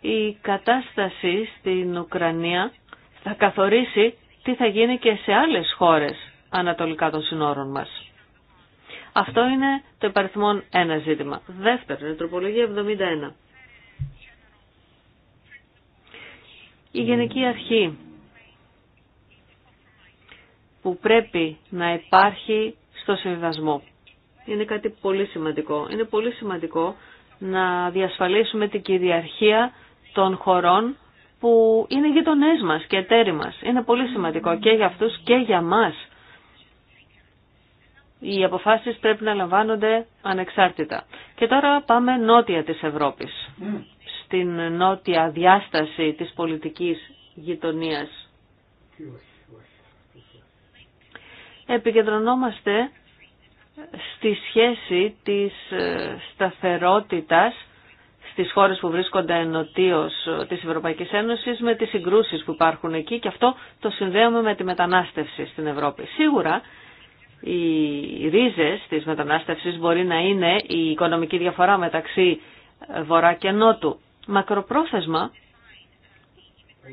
Η κατάσταση στην Ουκρανία θα καθορίσει τι θα γίνει και σε άλλες χώρες ανατολικά των συνόρων μας. Αυτό είναι το υπαριθμόν ένα ζήτημα. Δεύτερο, η τροπολογία 71. Η Γενική Αρχή που πρέπει να υπάρχει στο συμβιβασμό. Είναι κάτι πολύ σημαντικό. Είναι πολύ σημαντικό να διασφαλίσουμε την κυριαρχία των χωρών που είναι γειτονέ μας και εταίροι μας. Είναι πολύ σημαντικό και για αυτούς και για μας. Οι αποφάσεις πρέπει να λαμβάνονται ανεξάρτητα. Και τώρα πάμε νότια της Ευρώπης, στην νότια διάσταση της πολιτικής γειτονίας. Επικεντρωνόμαστε στη σχέση της ε, σταθερότητας στις χώρες που βρίσκονται ενωτίως ε, της Ευρωπαϊκής Ένωσης με τις συγκρούσεις που υπάρχουν εκεί και αυτό το συνδέουμε με τη μετανάστευση στην Ευρώπη. Σίγουρα οι ρίζες της μετανάστευσης μπορεί να είναι η οικονομική διαφορά μεταξύ Βορρά και Νότου. Μακροπρόθεσμα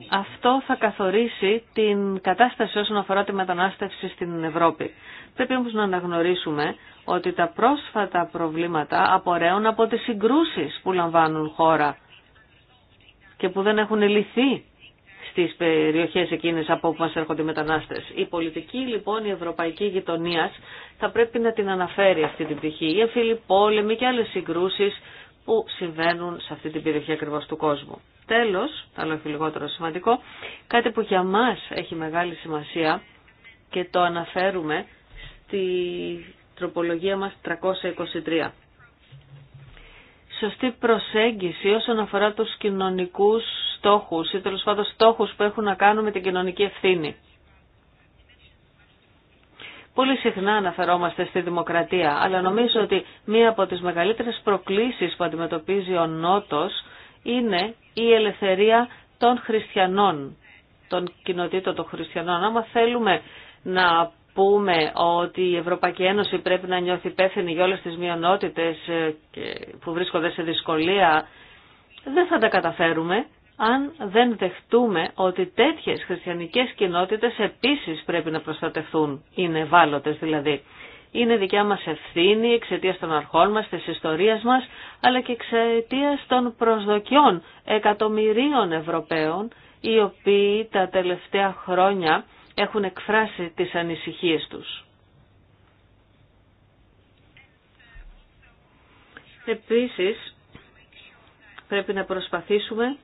αυτό θα καθορίσει την κατάσταση όσον αφορά τη μετανάστευση στην Ευρώπη. Πρέπει όμως να αναγνωρίσουμε ότι τα πρόσφατα προβλήματα απορρέουν από τις συγκρούσεις που λαμβάνουν χώρα και που δεν έχουν λυθεί στις περιοχές εκείνες από όπου μας έρχονται οι μετανάστες. Η πολιτική λοιπόν η ευρωπαϊκή γειτονία θα πρέπει να την αναφέρει αυτή την πτυχή. Οι εμφύλοι πόλεμοι και άλλες συγκρούσεις που συμβαίνουν σε αυτή την περιοχή ακριβώς του κόσμου. Τέλος, αλλά όχι λιγότερο σημαντικό, κάτι που για μας έχει μεγάλη σημασία και το αναφέρουμε στη τροπολογία μας 323. Σωστή προσέγγιση όσον αφορά τους κοινωνικούς στόχους ή τέλο πάντων στόχους που έχουν να κάνουν με την κοινωνική ευθύνη. Πολύ συχνά αναφερόμαστε στη δημοκρατία, αλλά νομίζω ότι μία από τις μεγαλύτερες προκλήσεις που αντιμετωπίζει ο Νότος είναι η ελευθερία των χριστιανών, των κοινοτήτων των χριστιανών. Άμα θέλουμε να πούμε ότι η Ευρωπαϊκή Ένωση πρέπει να νιώθει υπεύθυνη για όλες τις μειονότητες ε, που βρίσκονται σε δυσκολία, δεν θα τα καταφέρουμε αν δεν δεχτούμε ότι τέτοιες χριστιανικές κοινότητες επίσης πρέπει να προστατευτούν, είναι ευάλωτες δηλαδή είναι δικιά μας ευθύνη εξαιτίας των αρχών μας, της ιστορίας μας, αλλά και εξαιτίας των προσδοκιών εκατομμυρίων Ευρωπαίων, οι οποίοι τα τελευταία χρόνια έχουν εκφράσει τις ανησυχίες τους. Επίσης, πρέπει να προσπαθήσουμε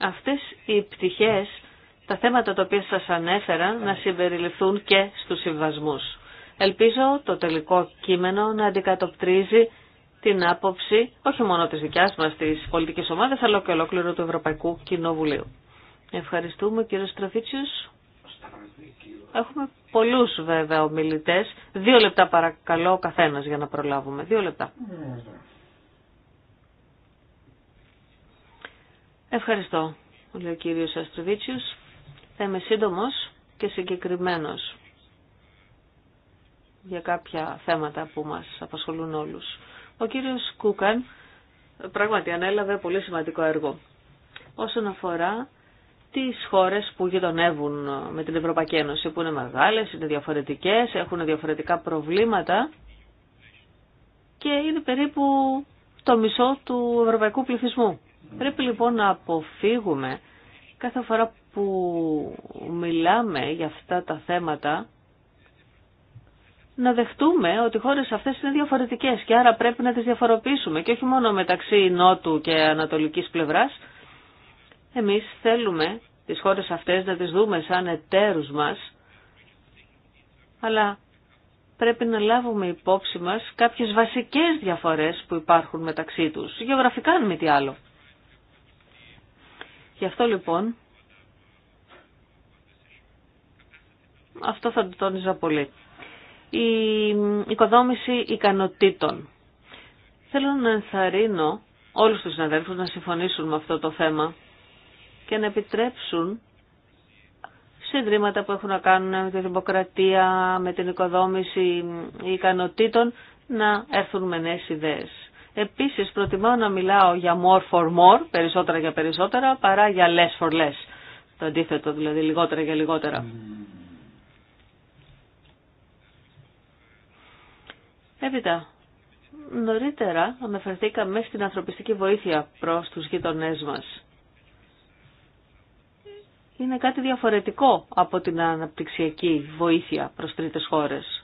αυτές οι πτυχές τα θέματα τα οποία σας ανέφερα να συμπεριληφθούν και στους συμβασμούς. Ελπίζω το τελικό κείμενο να αντικατοπτρίζει την άποψη όχι μόνο της δικιάς μας της πολιτικής ομάδας αλλά και ολόκληρο του Ευρωπαϊκού Κοινοβουλίου. Ευχαριστούμε κύριο Στραφίτσιος. Έχουμε πολλούς βέβαια ομιλητές. Δύο λεπτά παρακαλώ ο καθένας για να προλάβουμε. Δύο λεπτά. Ευχαριστώ, ο κύριος θα είμαι σύντομος και συγκεκριμένος για κάποια θέματα που μας απασχολούν όλους. Ο κύριος Κούκαν πράγματι ανέλαβε πολύ σημαντικό έργο όσον αφορά τις χώρες που γειτονεύουν με την Ευρωπαϊκή Ένωση, που είναι μεγάλες, είναι διαφορετικές, έχουν διαφορετικά προβλήματα και είναι περίπου το μισό του ευρωπαϊκού πληθυσμού. Πρέπει λοιπόν να αποφύγουμε Κάθε φορά που μιλάμε για αυτά τα θέματα, να δεχτούμε ότι οι χώρες αυτές είναι διαφορετικές και άρα πρέπει να τις διαφοροποιήσουμε και όχι μόνο μεταξύ νότου και ανατολικής πλευράς. Εμείς θέλουμε τις χώρες αυτές να τις δούμε σαν εταίρους μας, αλλά πρέπει να λάβουμε υπόψη μας κάποιες βασικές διαφορές που υπάρχουν μεταξύ τους, γεωγραφικά αν μη τι άλλο. Γι' αυτό λοιπόν αυτό θα το τόνιζα πολύ. Η οικοδόμηση ικανοτήτων. Θέλω να ενθαρρύνω όλους τους συναδέλφους να συμφωνήσουν με αυτό το θέμα και να επιτρέψουν σε που έχουν να κάνουν με τη δημοκρατία, με την οικοδόμηση ικανοτήτων, να έρθουν με νέες ιδέες. Επίσης προτιμάω να μιλάω για more for more, περισσότερα για περισσότερα, παρά για less for less. Το αντίθετο δηλαδή, λιγότερα για λιγότερα. Έπειτα, νωρίτερα αναφερθήκαμε στην ανθρωπιστική βοήθεια προς τους γείτονές μας. Είναι κάτι διαφορετικό από την αναπτυξιακή βοήθεια προς τρίτες χώρες.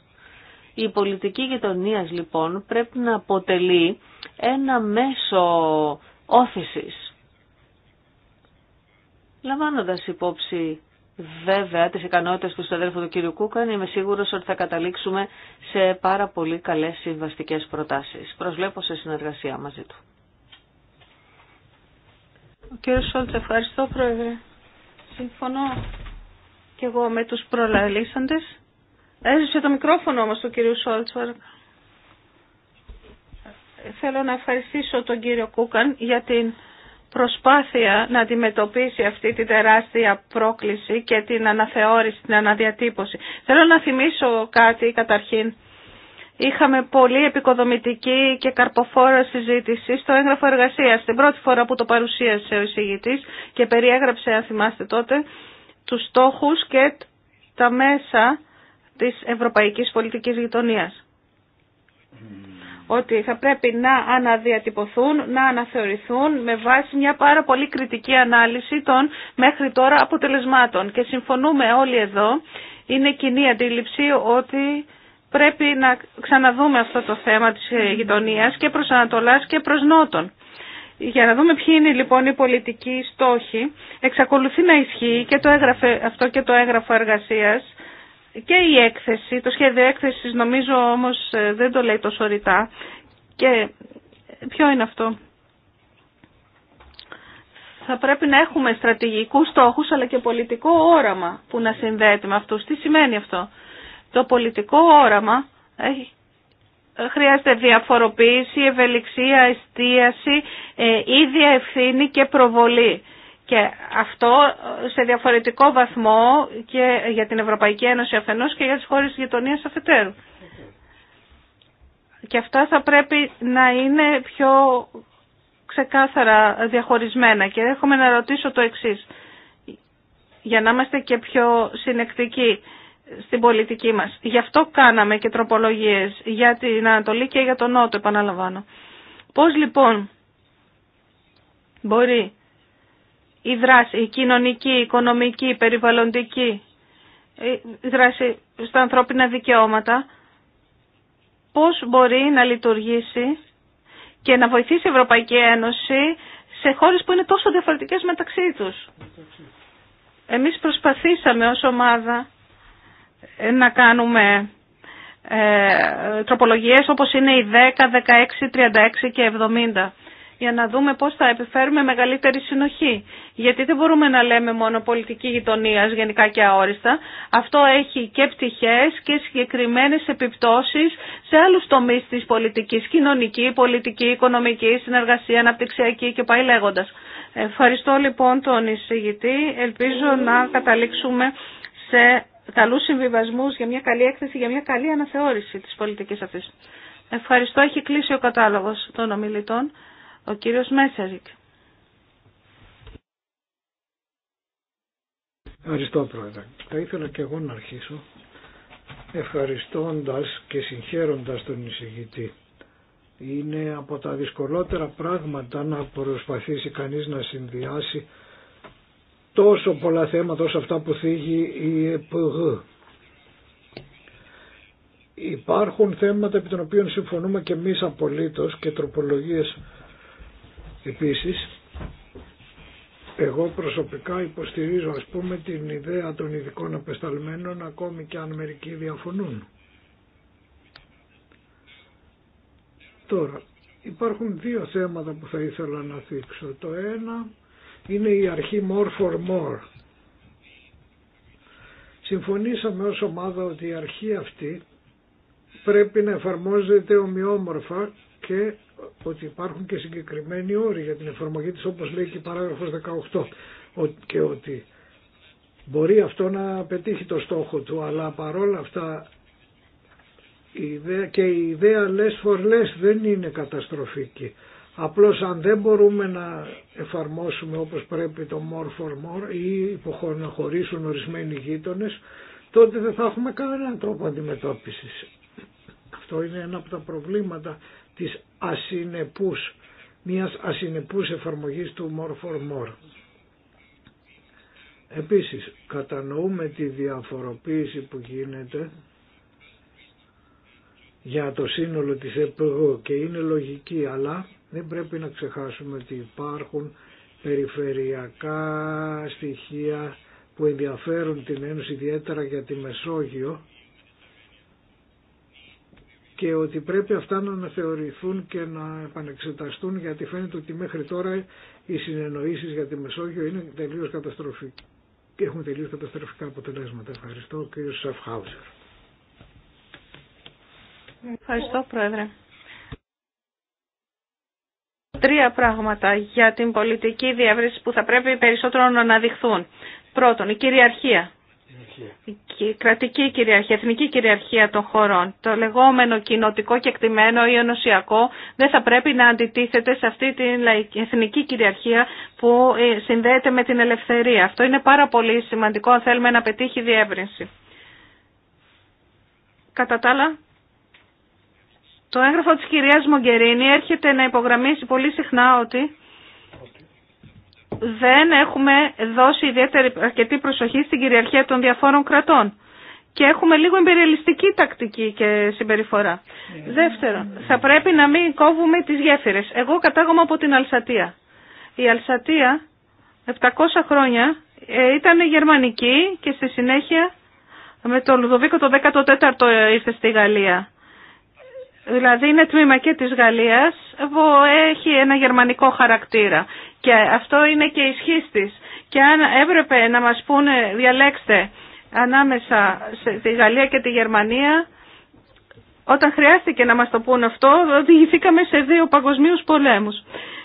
Η πολιτική γειτονία λοιπόν πρέπει να αποτελεί ένα μέσο όθησης. Λαμβάνοντας υπόψη βέβαια τις ικανότητες του συναδέλφου του κ. Κούκαν, είμαι σίγουρος ότι θα καταλήξουμε σε πάρα πολύ καλές συμβαστικές προτάσεις. Προσβλέπω σε συνεργασία μαζί του. Ο κύριος Σόλτς, ευχαριστώ πρόεδρε. Συμφωνώ και εγώ με τους προλαλήσαντες. Έζησε το μικρόφωνο όμως του κυρίου Σόλτσβαρκ. Θέλω να ευχαριστήσω τον κύριο Κούκαν για την προσπάθεια να αντιμετωπίσει αυτή τη τεράστια πρόκληση και την αναθεώρηση, την αναδιατύπωση. Θέλω να θυμίσω κάτι καταρχήν. Είχαμε πολύ επικοδομητική και καρποφόρα συζήτηση στο έγγραφο εργασία. Την πρώτη φορά που το παρουσίασε ο εισηγητή και περιέγραψε, αν θυμάστε τότε, του στόχου και τα μέσα της ευρωπαϊκής πολιτικής γειτονίας. Ότι θα πρέπει να αναδιατυπωθούν, να αναθεωρηθούν με βάση μια πάρα πολύ κριτική ανάλυση των μέχρι τώρα αποτελεσμάτων. Και συμφωνούμε όλοι εδώ, είναι κοινή αντίληψη ότι πρέπει να ξαναδούμε αυτό το θέμα της γειτονίας και προς Ανατολάς και προς Νότον. Για να δούμε ποιοι είναι λοιπόν οι πολιτικοί στόχοι, εξακολουθεί να ισχύει και το αυτό και το έγγραφο εργασίας και η έκθεση, το σχέδιο έκθεσης νομίζω όμως ε, δεν το λέει τόσο ρητά. Και ποιο είναι αυτό. Θα πρέπει να έχουμε στρατηγικούς στόχους αλλά και πολιτικό όραμα που να συνδέεται με αυτούς. Τι σημαίνει αυτό. Το πολιτικό όραμα έχει ε, χρειάζεται διαφοροποίηση, ευελιξία, εστίαση, ε, ίδια ευθύνη και προβολή. Και αυτό σε διαφορετικό βαθμό και για την Ευρωπαϊκή Ένωση αφενός και για τις χώρες γειτονίας αφετέρου. Και αυτά θα πρέπει να είναι πιο ξεκάθαρα διαχωρισμένα. Και έχουμε να ρωτήσω το εξής, για να είμαστε και πιο συνεκτικοί στην πολιτική μας. Γι' αυτό κάναμε και τροπολογίες για την Ανατολή και για τον Νότο, επαναλαμβάνω. Πώς λοιπόν μπορεί η δράση, κοινωνική, η οικονομική, η περιβαλλοντική, η δράση στα ανθρώπινα δικαιώματα, πώς μπορεί να λειτουργήσει και να βοηθήσει η Ευρωπαϊκή Ένωση σε χώρες που είναι τόσο διαφορετικές μεταξύ τους. Εμείς προσπαθήσαμε ως ομάδα ε, να κάνουμε ε, τροπολογίες όπως είναι οι 10, 16, 36 και 70 για να δούμε πώς θα επιφέρουμε μεγαλύτερη συνοχή. Γιατί δεν μπορούμε να λέμε μόνο πολιτική γειτονία γενικά και αόριστα. Αυτό έχει και πτυχές και συγκεκριμένες επιπτώσεις σε άλλους τομείς της πολιτικής, κοινωνική, πολιτική, οικονομική, συνεργασία, αναπτυξιακή και πάει λέγοντας. Ευχαριστώ λοιπόν τον εισηγητή. Ελπίζω να καταλήξουμε σε καλούς συμβιβασμούς για μια καλή έκθεση, για μια καλή αναθεώρηση της πολιτικής αυτής. Ευχαριστώ. Έχει κλείσει ο κατάλογος των ομιλητών. Ο κύριος Μέσαρικ. Ευχαριστώ Πρόεδρε. Θα ήθελα και εγώ να αρχίσω ευχαριστώντας και συγχαίροντας τον εισηγητή. Είναι από τα δυσκολότερα πράγματα να προσπαθήσει κανείς να συνδυάσει τόσο πολλά θέματα όσο αυτά που θίγει η ΕΠΓ. Υπάρχουν θέματα επί των οποίων συμφωνούμε και εμείς απολύτως και τροπολογίες Επίσης, εγώ προσωπικά υποστηρίζω ας πούμε την ιδέα των ειδικών απεσταλμένων ακόμη και αν μερικοί διαφωνούν. Τώρα, υπάρχουν δύο θέματα που θα ήθελα να θίξω. Το ένα είναι η αρχή more for more. Συμφωνήσαμε ως ομάδα ότι η αρχή αυτή πρέπει να εφαρμόζεται ομοιόμορφα και ότι υπάρχουν και συγκεκριμένοι όροι για την εφαρμογή της όπως λέει και η παράγραφος 18 και ότι μπορεί αυτό να πετύχει το στόχο του αλλά παρόλα αυτά και η ιδέα less for less δεν είναι καταστροφική. Απλώς αν δεν μπορούμε να εφαρμόσουμε όπως πρέπει το more for more ή υποχωρήσουν ορισμένοι γείτονες, τότε δεν θα έχουμε κανέναν τρόπο αντιμετώπισης. Αυτό είναι ένα από τα προβλήματα της ασυνεπούς, μιας ασυνεπούς εφαρμογής του More for More. Επίσης, κατανοούμε τη διαφοροποίηση που γίνεται για το σύνολο της ΕΠΓΟ και είναι λογική, αλλά δεν πρέπει να ξεχάσουμε ότι υπάρχουν περιφερειακά στοιχεία που ενδιαφέρουν την Ένωση ιδιαίτερα για τη Μεσόγειο και ότι πρέπει αυτά να αναθεωρηθούν και να επανεξεταστούν γιατί φαίνεται ότι μέχρι τώρα οι συνεννοήσεις για τη Μεσόγειο είναι τελείως καταστροφικές και έχουν τελείως καταστροφικά αποτελέσματα. Ευχαριστώ κύριε Σαφχάουζερ. Ευχαριστώ Πρόεδρε. Τρία πράγματα για την πολιτική διεύρυνση που θα πρέπει περισσότερο να αναδειχθούν. Πρώτον, η κυριαρχία η κρατική κυριαρχία, εθνική κυριαρχία των χωρών, το λεγόμενο κοινοτικό και εκτιμένο ή ενωσιακό δεν θα πρέπει να αντιτίθεται σε αυτή την εθνική κυριαρχία που ε, συνδέεται με την ελευθερία. Αυτό είναι πάρα πολύ σημαντικό αν θέλουμε να πετύχει διεύρυνση. Κατά τα άλλα, το έγγραφο της κυρίας Μογκερίνη έρχεται να υπογραμμίσει πολύ συχνά ότι δεν έχουμε δώσει ιδιαίτερη αρκετή προσοχή στην κυριαρχία των διαφόρων κρατών. Και έχουμε λίγο εμπειριελιστική τακτική και συμπεριφορά. Δεύτερον, θα πρέπει να μην κόβουμε τι γέφυρε. Εγώ κατάγομαι από την Αλσατία. Η Αλσατία 700 χρόνια ε, ήταν γερμανική και στη συνέχεια με τον Λουδοβίκο το 14ο ε, ήρθε στη Γαλλία. Δηλαδή είναι τμήμα και της Γαλλίας που έχει ένα γερμανικό χαρακτήρα. Και αυτό είναι και ισχύ τη. Και αν έπρεπε να μας πούνε, διαλέξτε ανάμεσα στη Γαλλία και τη Γερμανία, όταν χρειάστηκε να μας το πούνε αυτό, οδηγηθήκαμε σε δύο παγκοσμιου πολέμους.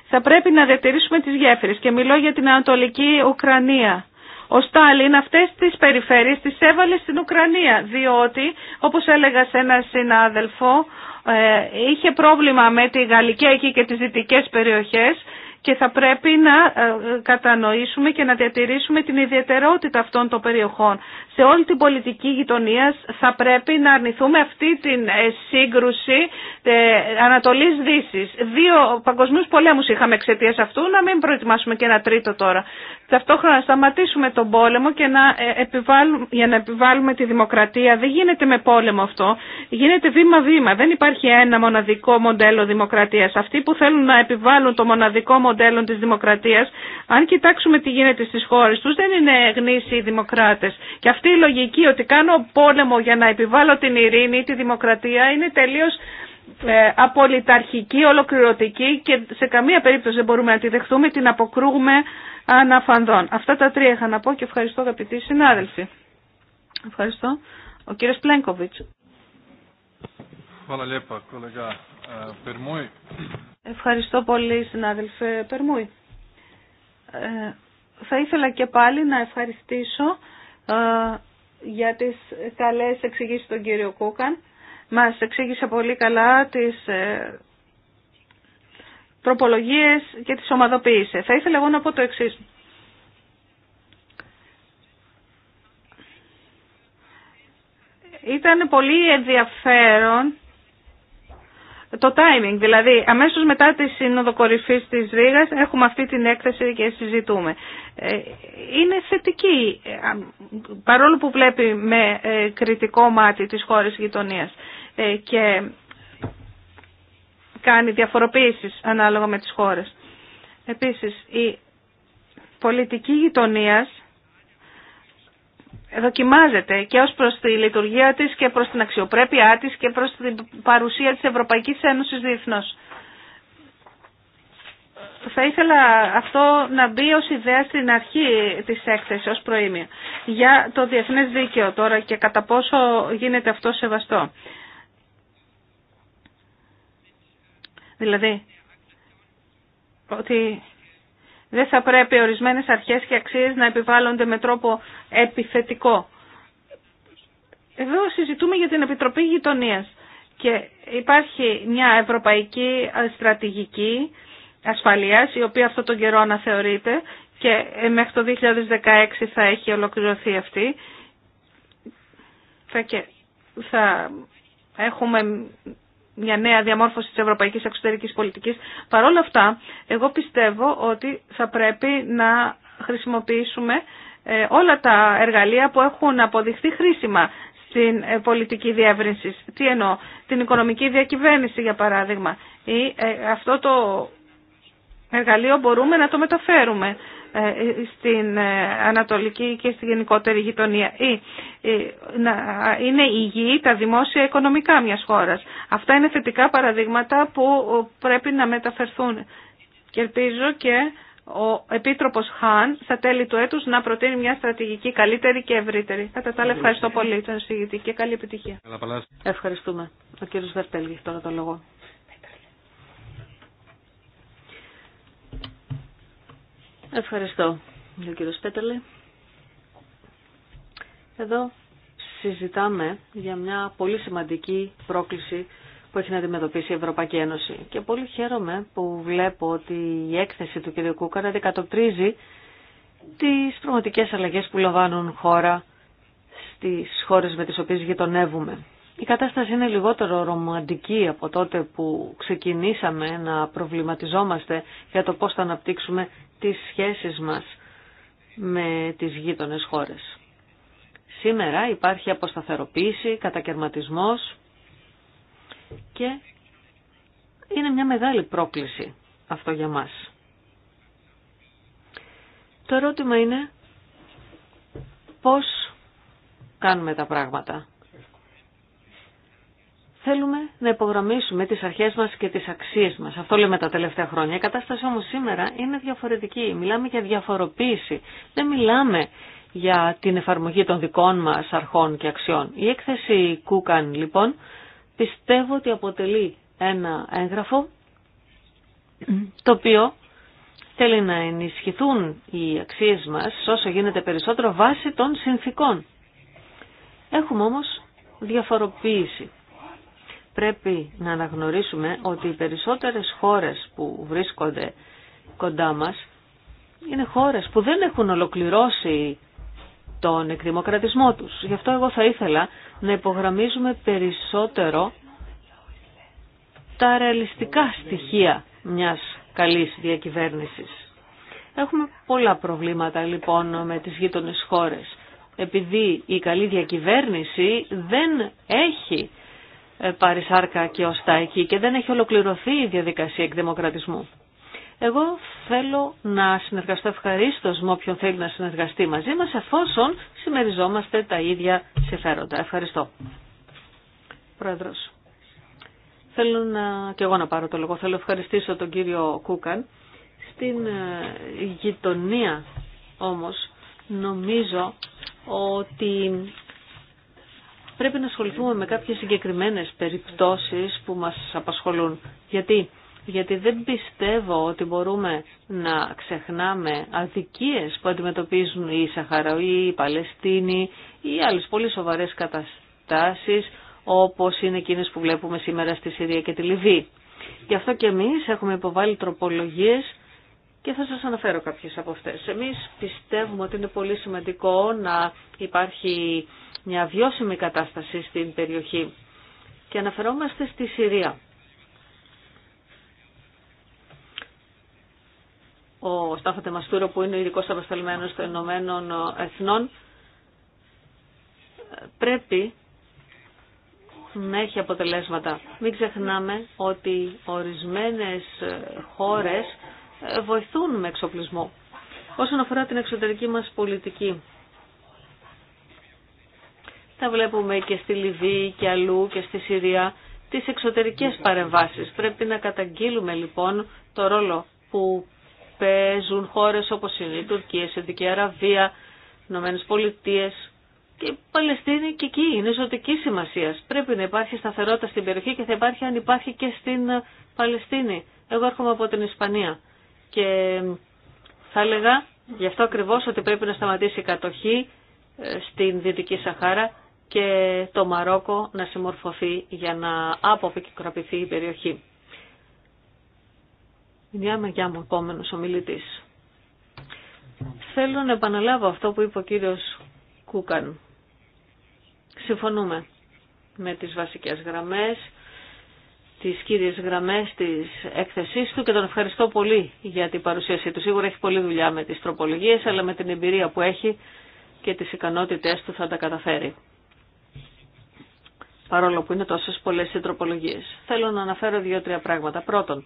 Θα πρέπει να διατηρήσουμε τις γέφυρε και μιλώ για την Ανατολική Ουκρανία. Ο Στάλιν αυτές τις περιφέρειες τις έβαλε στην Ουκρανία, διότι, όπω έλεγα σε ένα συνάδελφο, ε, είχε πρόβλημα με τη Γαλλική εκεί και τι δυτικέ περιοχές και θα πρέπει να ε, ε, κατανοήσουμε και να διατηρήσουμε την ιδιαιτερότητα αυτών των περιοχών σε όλη την πολιτική γειτονία θα πρέπει να αρνηθούμε αυτή την ε, σύγκρουση ε, Ανατολής δύση. Δύο παγκοσμίου πολέμου είχαμε εξαιτία αυτού, να μην προετοιμάσουμε και ένα τρίτο τώρα. Ταυτόχρονα να σταματήσουμε τον πόλεμο και να ε, επιβάλλουμε, για να επιβάλλουμε τη δημοκρατία. Δεν γίνεται με πόλεμο αυτό. Γίνεται βήμα-βήμα. Δεν υπάρχει ένα μοναδικό μοντέλο δημοκρατία. Αυτοί που θέλουν να επιβάλλουν το μοναδικό μοντέλο τη δημοκρατία, αν κοιτάξουμε τι γίνεται στι χώρε του δεν είναι γνήσιοι δημοκράτε αυτή λογική ότι κάνω πόλεμο για να επιβάλλω την ειρήνη ή τη δημοκρατία είναι τελείως ε, απολυταρχική, ολοκληρωτική και σε καμία περίπτωση δεν μπορούμε να τη δεχτούμε, την αποκρούμε αναφανδών. Αυτά τα τρία είχα να πω και ευχαριστώ αγαπητοί συνάδελφοι. Ευχαριστώ. Ο κύριος Πλένκοβιτς. Ε, ευχαριστώ πολύ συνάδελφε Περμούη. Ε, θα ήθελα και πάλι να ευχαριστήσω για τις καλές εξηγήσεις του κύριο Κούκαν. Μας εξήγησε πολύ καλά τις ε, τροπολογίες και τις ομαδοποίησε. Θα ήθελα εγώ να πω το εξής. Ήταν πολύ ενδιαφέρον το timing. Δηλαδή, αμέσως μετά τη Σύνοδο κορυφή της Ρήγα, έχουμε αυτή την έκθεση και συζητούμε. Ε, είναι θετική, ε, παρόλο που βλέπει με ε, κριτικό μάτι τις χώρες γειτονίας και κάνει διαφοροποίησεις ανάλογα με τις χώρες. Επίσης, η πολιτική γειτονίας δοκιμάζεται και ως προς τη λειτουργία της και προς την αξιοπρέπειά της και προς την παρουσία της Ευρωπαϊκής Ένωσης διεθνώς. Θα ήθελα αυτό να μπει ως ιδέα στην αρχή της έκθεσης, ως προήμια, Για το διεθνές δίκαιο τώρα και κατά πόσο γίνεται αυτό σεβαστό. Δηλαδή, ότι δεν θα πρέπει ορισμένες αρχές και αξίες να επιβάλλονται με τρόπο επιθετικό. Εδώ συζητούμε για την Επιτροπή Γειτονίας και υπάρχει μια ευρωπαϊκή στρατηγική ασφαλείας η οποία αυτό τον καιρό αναθεωρείται και ε, μέχρι το 2016 θα έχει ολοκληρωθεί αυτή. θα έχουμε μια νέα διαμόρφωση της ευρωπαϊκής εξωτερικής πολιτικής. Παρ' όλα αυτά, εγώ πιστεύω ότι θα πρέπει να χρησιμοποιήσουμε ε, όλα τα εργαλεία που έχουν αποδειχθεί χρήσιμα στην ε, πολιτική διεύρυνση. Τι εννοώ, την οικονομική διακυβέρνηση για παράδειγμα. Ή ε, αυτό το εργαλείο μπορούμε να το μεταφέρουμε ε, στην ε, Ανατολική και στη γενικότερη γειτονία ή ε, να είναι υγιή τα δημόσια οικονομικά μιας χώρας. Αυτά είναι θετικά παραδείγματα που πρέπει να μεταφερθούν. Και ελπίζω και ο Επίτροπος Χάν στα τέλη του έτους να προτείνει μια στρατηγική καλύτερη και ευρύτερη. Κατά τα άλλα ευχαριστώ πολύ τον συγητή και καλή επιτυχία. Ευχαριστούμε. Ο κύριος Βερτέλγης τώρα το λόγο. Ευχαριστώ, κύριο Σπέτελε. Εδώ συζητάμε για μια πολύ σημαντική πρόκληση που έχει να αντιμετωπίσει η Ευρωπαϊκή Ένωση. Και πολύ χαίρομαι που βλέπω ότι η έκθεση του κ. Κούκαρα αντικατοπτρίζει τις πραγματικές αλλαγές που λαμβάνουν χώρα στις χώρες με τις οποίες γειτονεύουμε. Η κατάσταση είναι λιγότερο ρομαντική από τότε που ξεκινήσαμε να προβληματιζόμαστε για το πώς θα αναπτύξουμε τις σχέσεις μας με τις γείτονες χώρες. Σήμερα υπάρχει αποσταθεροποίηση, κατακαιρματισμός και είναι μια μεγάλη πρόκληση αυτό για μας. Το ερώτημα είναι πώς κάνουμε τα πράγματα. Θέλουμε να υπογραμμίσουμε τις αρχές μας και τις αξίες μας. Αυτό λέμε τα τελευταία χρόνια. Η κατάσταση όμως σήμερα είναι διαφορετική. Μιλάμε για διαφοροποίηση. Δεν μιλάμε για την εφαρμογή των δικών μας αρχών και αξιών. Η έκθεση Κούκαν λοιπόν πιστεύω ότι αποτελεί ένα έγγραφο το οποίο θέλει να ενισχυθούν οι αξίες μας όσο γίνεται περισσότερο βάσει των συνθήκων. Έχουμε όμως διαφοροποίηση πρέπει να αναγνωρίσουμε ότι οι περισσότερες χώρες που βρίσκονται κοντά μας είναι χώρες που δεν έχουν ολοκληρώσει τον εκδημοκρατισμό τους. Γι' αυτό εγώ θα ήθελα να υπογραμμίζουμε περισσότερο τα ρεαλιστικά στοιχεία μιας καλής διακυβέρνησης. Έχουμε πολλά προβλήματα λοιπόν με τις γείτονες χώρες, επειδή η καλή διακυβέρνηση δεν έχει ε, πάρει σάρκα και ως εκεί και δεν έχει ολοκληρωθεί η διαδικασία εκδημοκρατισμού. Εγώ θέλω να συνεργαστώ ευχαρίστω με όποιον θέλει να συνεργαστεί μαζί μας εφόσον συμμεριζόμαστε τα ίδια συμφέροντα. Ευχαριστώ. Πρόεδρος. Θέλω να, και εγώ να πάρω το λόγο. Θέλω να ευχαριστήσω τον κύριο Κούκαν. Στην ε, γειτονία όμως νομίζω ότι πρέπει να ασχοληθούμε με κάποιες συγκεκριμένες περιπτώσεις που μας απασχολούν. Γιατί, Γιατί δεν πιστεύω ότι μπορούμε να ξεχνάμε αδικίες που αντιμετωπίζουν οι Σαχαραοί, οι Παλαιστίνοι ή άλλες πολύ σοβαρές καταστάσεις όπως είναι εκείνες που βλέπουμε σήμερα στη Συρία και τη Λιβύη. Γι' αυτό και εμείς έχουμε υποβάλει τροπολογίες και θα σας αναφέρω κάποιες από αυτές. Εμείς πιστεύουμε ότι είναι πολύ σημαντικό να υπάρχει μια βιώσιμη κατάσταση στην περιοχή και αναφερόμαστε στη Συρία. Ο Στάφα Τεμαστούρο που είναι ειδικό απεσταλμένος των Ηνωμένων Εθνών πρέπει να έχει αποτελέσματα. Μην ξεχνάμε ότι ορισμένες χώρες βοηθούν με εξοπλισμό. Όσον αφορά την εξωτερική μας πολιτική, τα βλέπουμε και στη Λιβύη και αλλού και στη Συρία, τις εξωτερικές παρεμβάσεις. Πρέπει να καταγγείλουμε λοιπόν το ρόλο που παίζουν χώρες όπως είναι η Τουρκία, η Σεντική Αραβία, οι Ηνωμένες Πολιτείες και η Παλαιστίνη και εκεί είναι ζωτική σημασία. Πρέπει να υπάρχει σταθερότητα στην περιοχή και θα υπάρχει αν υπάρχει και στην Παλαιστίνη. Εγώ έρχομαι από την Ισπανία. Και θα έλεγα γι' αυτό ακριβώς ότι πρέπει να σταματήσει η κατοχή ε, στην Δυτική Σαχάρα και το Μαρόκο να συμμορφωθεί για να αποπικραπηθεί η περιοχή. Μια μεγιά μου επόμενος ομιλητής. Θέλω να επαναλάβω αυτό που είπε ο κύριος Κούκαν. Συμφωνούμε με τις βασικές γραμμές τις κύριες γραμμές της έκθεσής του και τον ευχαριστώ πολύ για την παρουσίασή του. Σίγουρα έχει πολλή δουλειά με τις τροπολογίες, αλλά με την εμπειρία που έχει και τις ικανότητές του θα τα καταφέρει. Παρόλο που είναι τόσες πολλές οι τροπολογίες. Θέλω να αναφέρω δύο-τρία πράγματα. Πρώτον,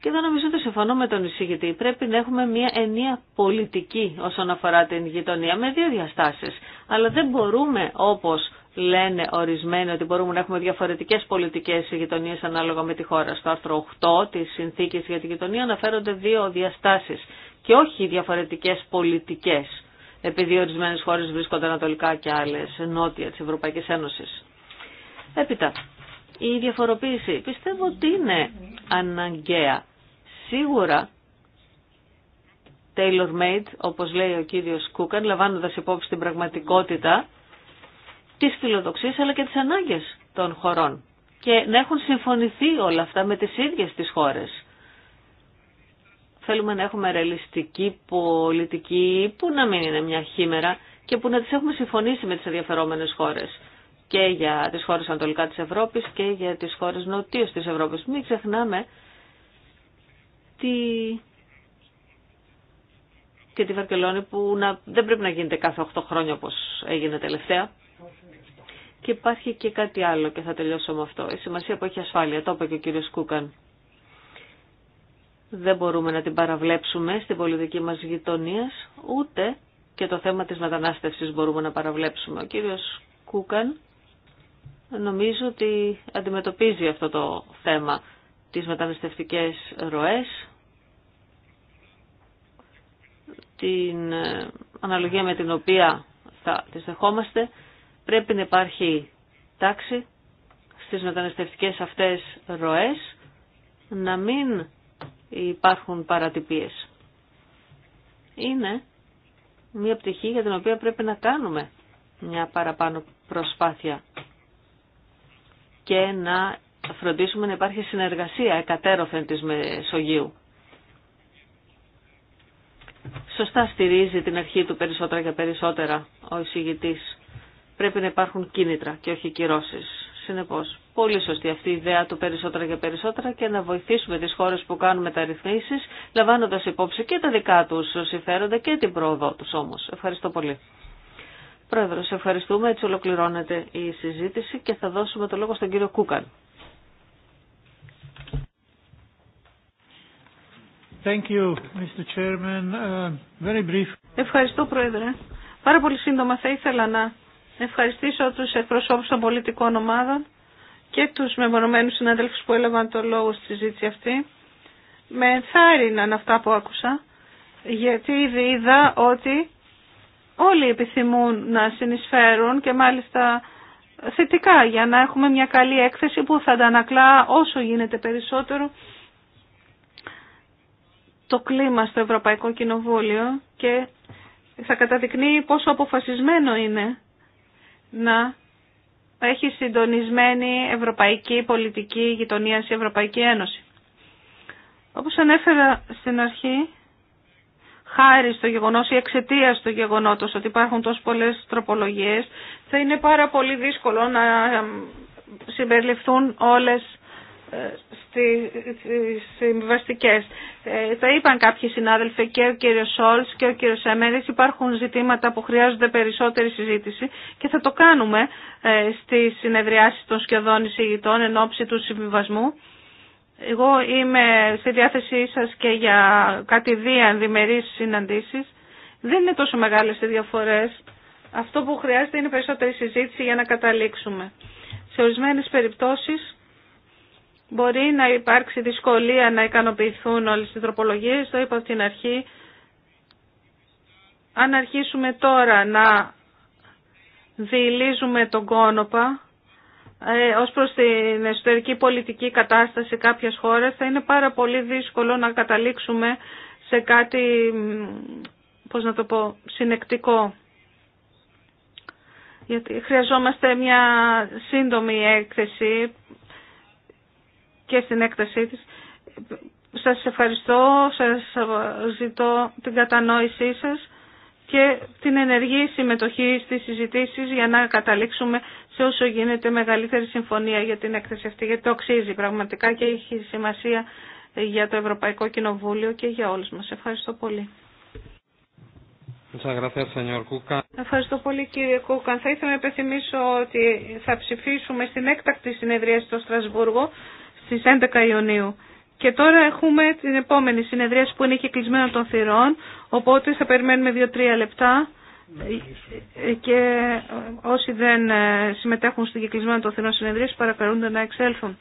και δεν νομίζω ότι συμφωνώ με τον εισηγητή. Πρέπει να έχουμε μια ενία πολιτική όσον αφορά την γειτονία με δύο διαστάσεις. Αλλά δεν μπορούμε όπως λένε ορισμένοι ότι μπορούμε να έχουμε διαφορετικές πολιτικές γειτονίες ανάλογα με τη χώρα. Στο άρθρο 8 της Συνθήκης για τη Γειτονία αναφέρονται δύο διαστάσεις και όχι διαφορετικές πολιτικές, επειδή ορισμένες χώρες βρίσκονται ανατολικά και άλλες νότια της Ευρωπαϊκής Ένωσης. Έπειτα, η διαφοροποίηση πιστεύω ότι είναι αναγκαία. Σίγουρα tailor-made, όπως λέει ο κύριος Κούκαν, λαμβάνοντας υπόψη την πραγματικότητα, τις φιλοδοξίες αλλά και τις ανάγκες των χωρών και να έχουν συμφωνηθεί όλα αυτά με τις ίδιες τις χώρες. Θέλουμε να έχουμε ρεαλιστική πολιτική που να μην είναι μια χήμερα και που να τις έχουμε συμφωνήσει με τις ενδιαφερόμενες χώρες και για τις χώρες ανατολικά της Ευρώπης και για τις χώρες νοτίως της Ευρώπης. Μην ξεχνάμε τη... και τη Βαρκελόνη που να... δεν πρέπει να γίνεται κάθε 8 χρόνια όπως έγινε τελευταία. Και υπάρχει και κάτι άλλο και θα τελειώσω με αυτό. Η σημασία που έχει ασφάλεια, το είπε και ο κύριος Κούκαν. Δεν μπορούμε να την παραβλέψουμε στην πολιτική μας γειτονία, ούτε και το θέμα της μετανάστευσης μπορούμε να παραβλέψουμε. Ο κύριος Κούκαν νομίζω ότι αντιμετωπίζει αυτό το θέμα τις μεταναστευτικές ροές, την ε, αναλογία με την οποία θα τις δεχόμαστε Πρέπει να υπάρχει τάξη στις μεταναστευτικές αυτές ροές, να μην υπάρχουν παρατυπίες. Είναι μια πτυχή για την οποία πρέπει να κάνουμε μια παραπάνω προσπάθεια και να φροντίσουμε να υπάρχει συνεργασία εκατέρωθεν της Μεσογείου. Σωστά στηρίζει την αρχή του περισσότερα και περισσότερα ο εισηγητής πρέπει να υπάρχουν κίνητρα και όχι κυρώσει. Συνεπώς, πολύ σωστή αυτή η ιδέα του περισσότερα και περισσότερα και να βοηθήσουμε τις χώρες που κάνουν μεταρρυθμίσει, λαμβάνοντα υπόψη και τα δικά τους συμφέροντα και την πρόοδό τους όμως. Ευχαριστώ πολύ. Πρόεδρο, ευχαριστούμε. Έτσι ολοκληρώνεται η συζήτηση και θα δώσουμε το λόγο στον κύριο Κούκαν. Thank you, Mr. Chairman. Uh, very brief. Ευχαριστώ, Πρόεδρε. Πάρα πολύ σύντομα θα ήθελα να ευχαριστήσω τους εκπροσώπους των πολιτικών ομάδων και τους μεμονωμένους συνάδελφους που έλαβαν το λόγο στη συζήτηση αυτή. Με ενθάρρυναν αυτά που άκουσα, γιατί ήδη είδα ότι όλοι επιθυμούν να συνεισφέρουν και μάλιστα θετικά για να έχουμε μια καλή έκθεση που θα αντανακλά όσο γίνεται περισσότερο το κλίμα στο Ευρωπαϊκό Κοινοβούλιο και θα καταδεικνύει πόσο αποφασισμένο είναι να έχει συντονισμένη ευρωπαϊκή πολιτική γειτονία στην Ευρωπαϊκή Ένωση. Όπως ανέφερα στην αρχή, χάρη στο γεγονός ή εξαιτία του γεγονότος ότι υπάρχουν τόσο πολλές τροπολογίες, θα είναι πάρα πολύ δύσκολο να συμπεριληφθούν όλες ε, στις συμβαστικές. Ε, τα είπαν κάποιοι συνάδελφοι και ο κύριος Σόλτ και ο κύριος Σέμερης. Υπάρχουν ζητήματα που χρειάζονται περισσότερη συζήτηση και θα το κάνουμε ε, στις συνεδριάσεις των σχεδόν εισηγητών εν ώψη του συμβιβασμού. Εγώ είμαι στη διάθεσή σας και για κάτι δύο διμερείς συναντήσεις. Δεν είναι τόσο μεγάλες οι διαφορές. Αυτό που χρειάζεται είναι περισσότερη συζήτηση για να καταλήξουμε. Σε ορισμένε περιπτώσεις Μπορεί να υπάρξει δυσκολία να ικανοποιηθούν όλες οι τροπολογίες, το είπα στην αρχή. Αν αρχίσουμε τώρα να διηλίζουμε τον κόνοπα ε, ως προς την εσωτερική πολιτική κατάσταση κάποιες χώρες, θα είναι πάρα πολύ δύσκολο να καταλήξουμε σε κάτι, πώς να το πω, συνεκτικό. Γιατί χρειαζόμαστε μια σύντομη έκθεση και στην έκτασή της. Σας ευχαριστώ, σας ζητώ την κατανόησή σας και την ενεργή συμμετοχή στις συζητήσεις για να καταλήξουμε σε όσο γίνεται μεγαλύτερη συμφωνία για την έκθεση αυτή, γιατί το αξίζει πραγματικά και έχει σημασία για το Ευρωπαϊκό Κοινοβούλιο και για όλους μας. Ευχαριστώ πολύ. Ευχαριστώ πολύ κύριε Κούκαν. Θα ήθελα να υπενθυμίσω ότι θα ψηφίσουμε στην έκτακτη συνεδρία στο Στρασβούργο στις 11 Ιουνίου. Και τώρα έχουμε την επόμενη συνεδρίαση που είναι και κλεισμένο των θυρών, οπότε θα περιμένουμε 2-3 λεπτά και όσοι δεν ε, συμμετέχουν στην Κυκλισμένα των θυρών συνεδρίαση παρακαλούνται να εξέλθουν.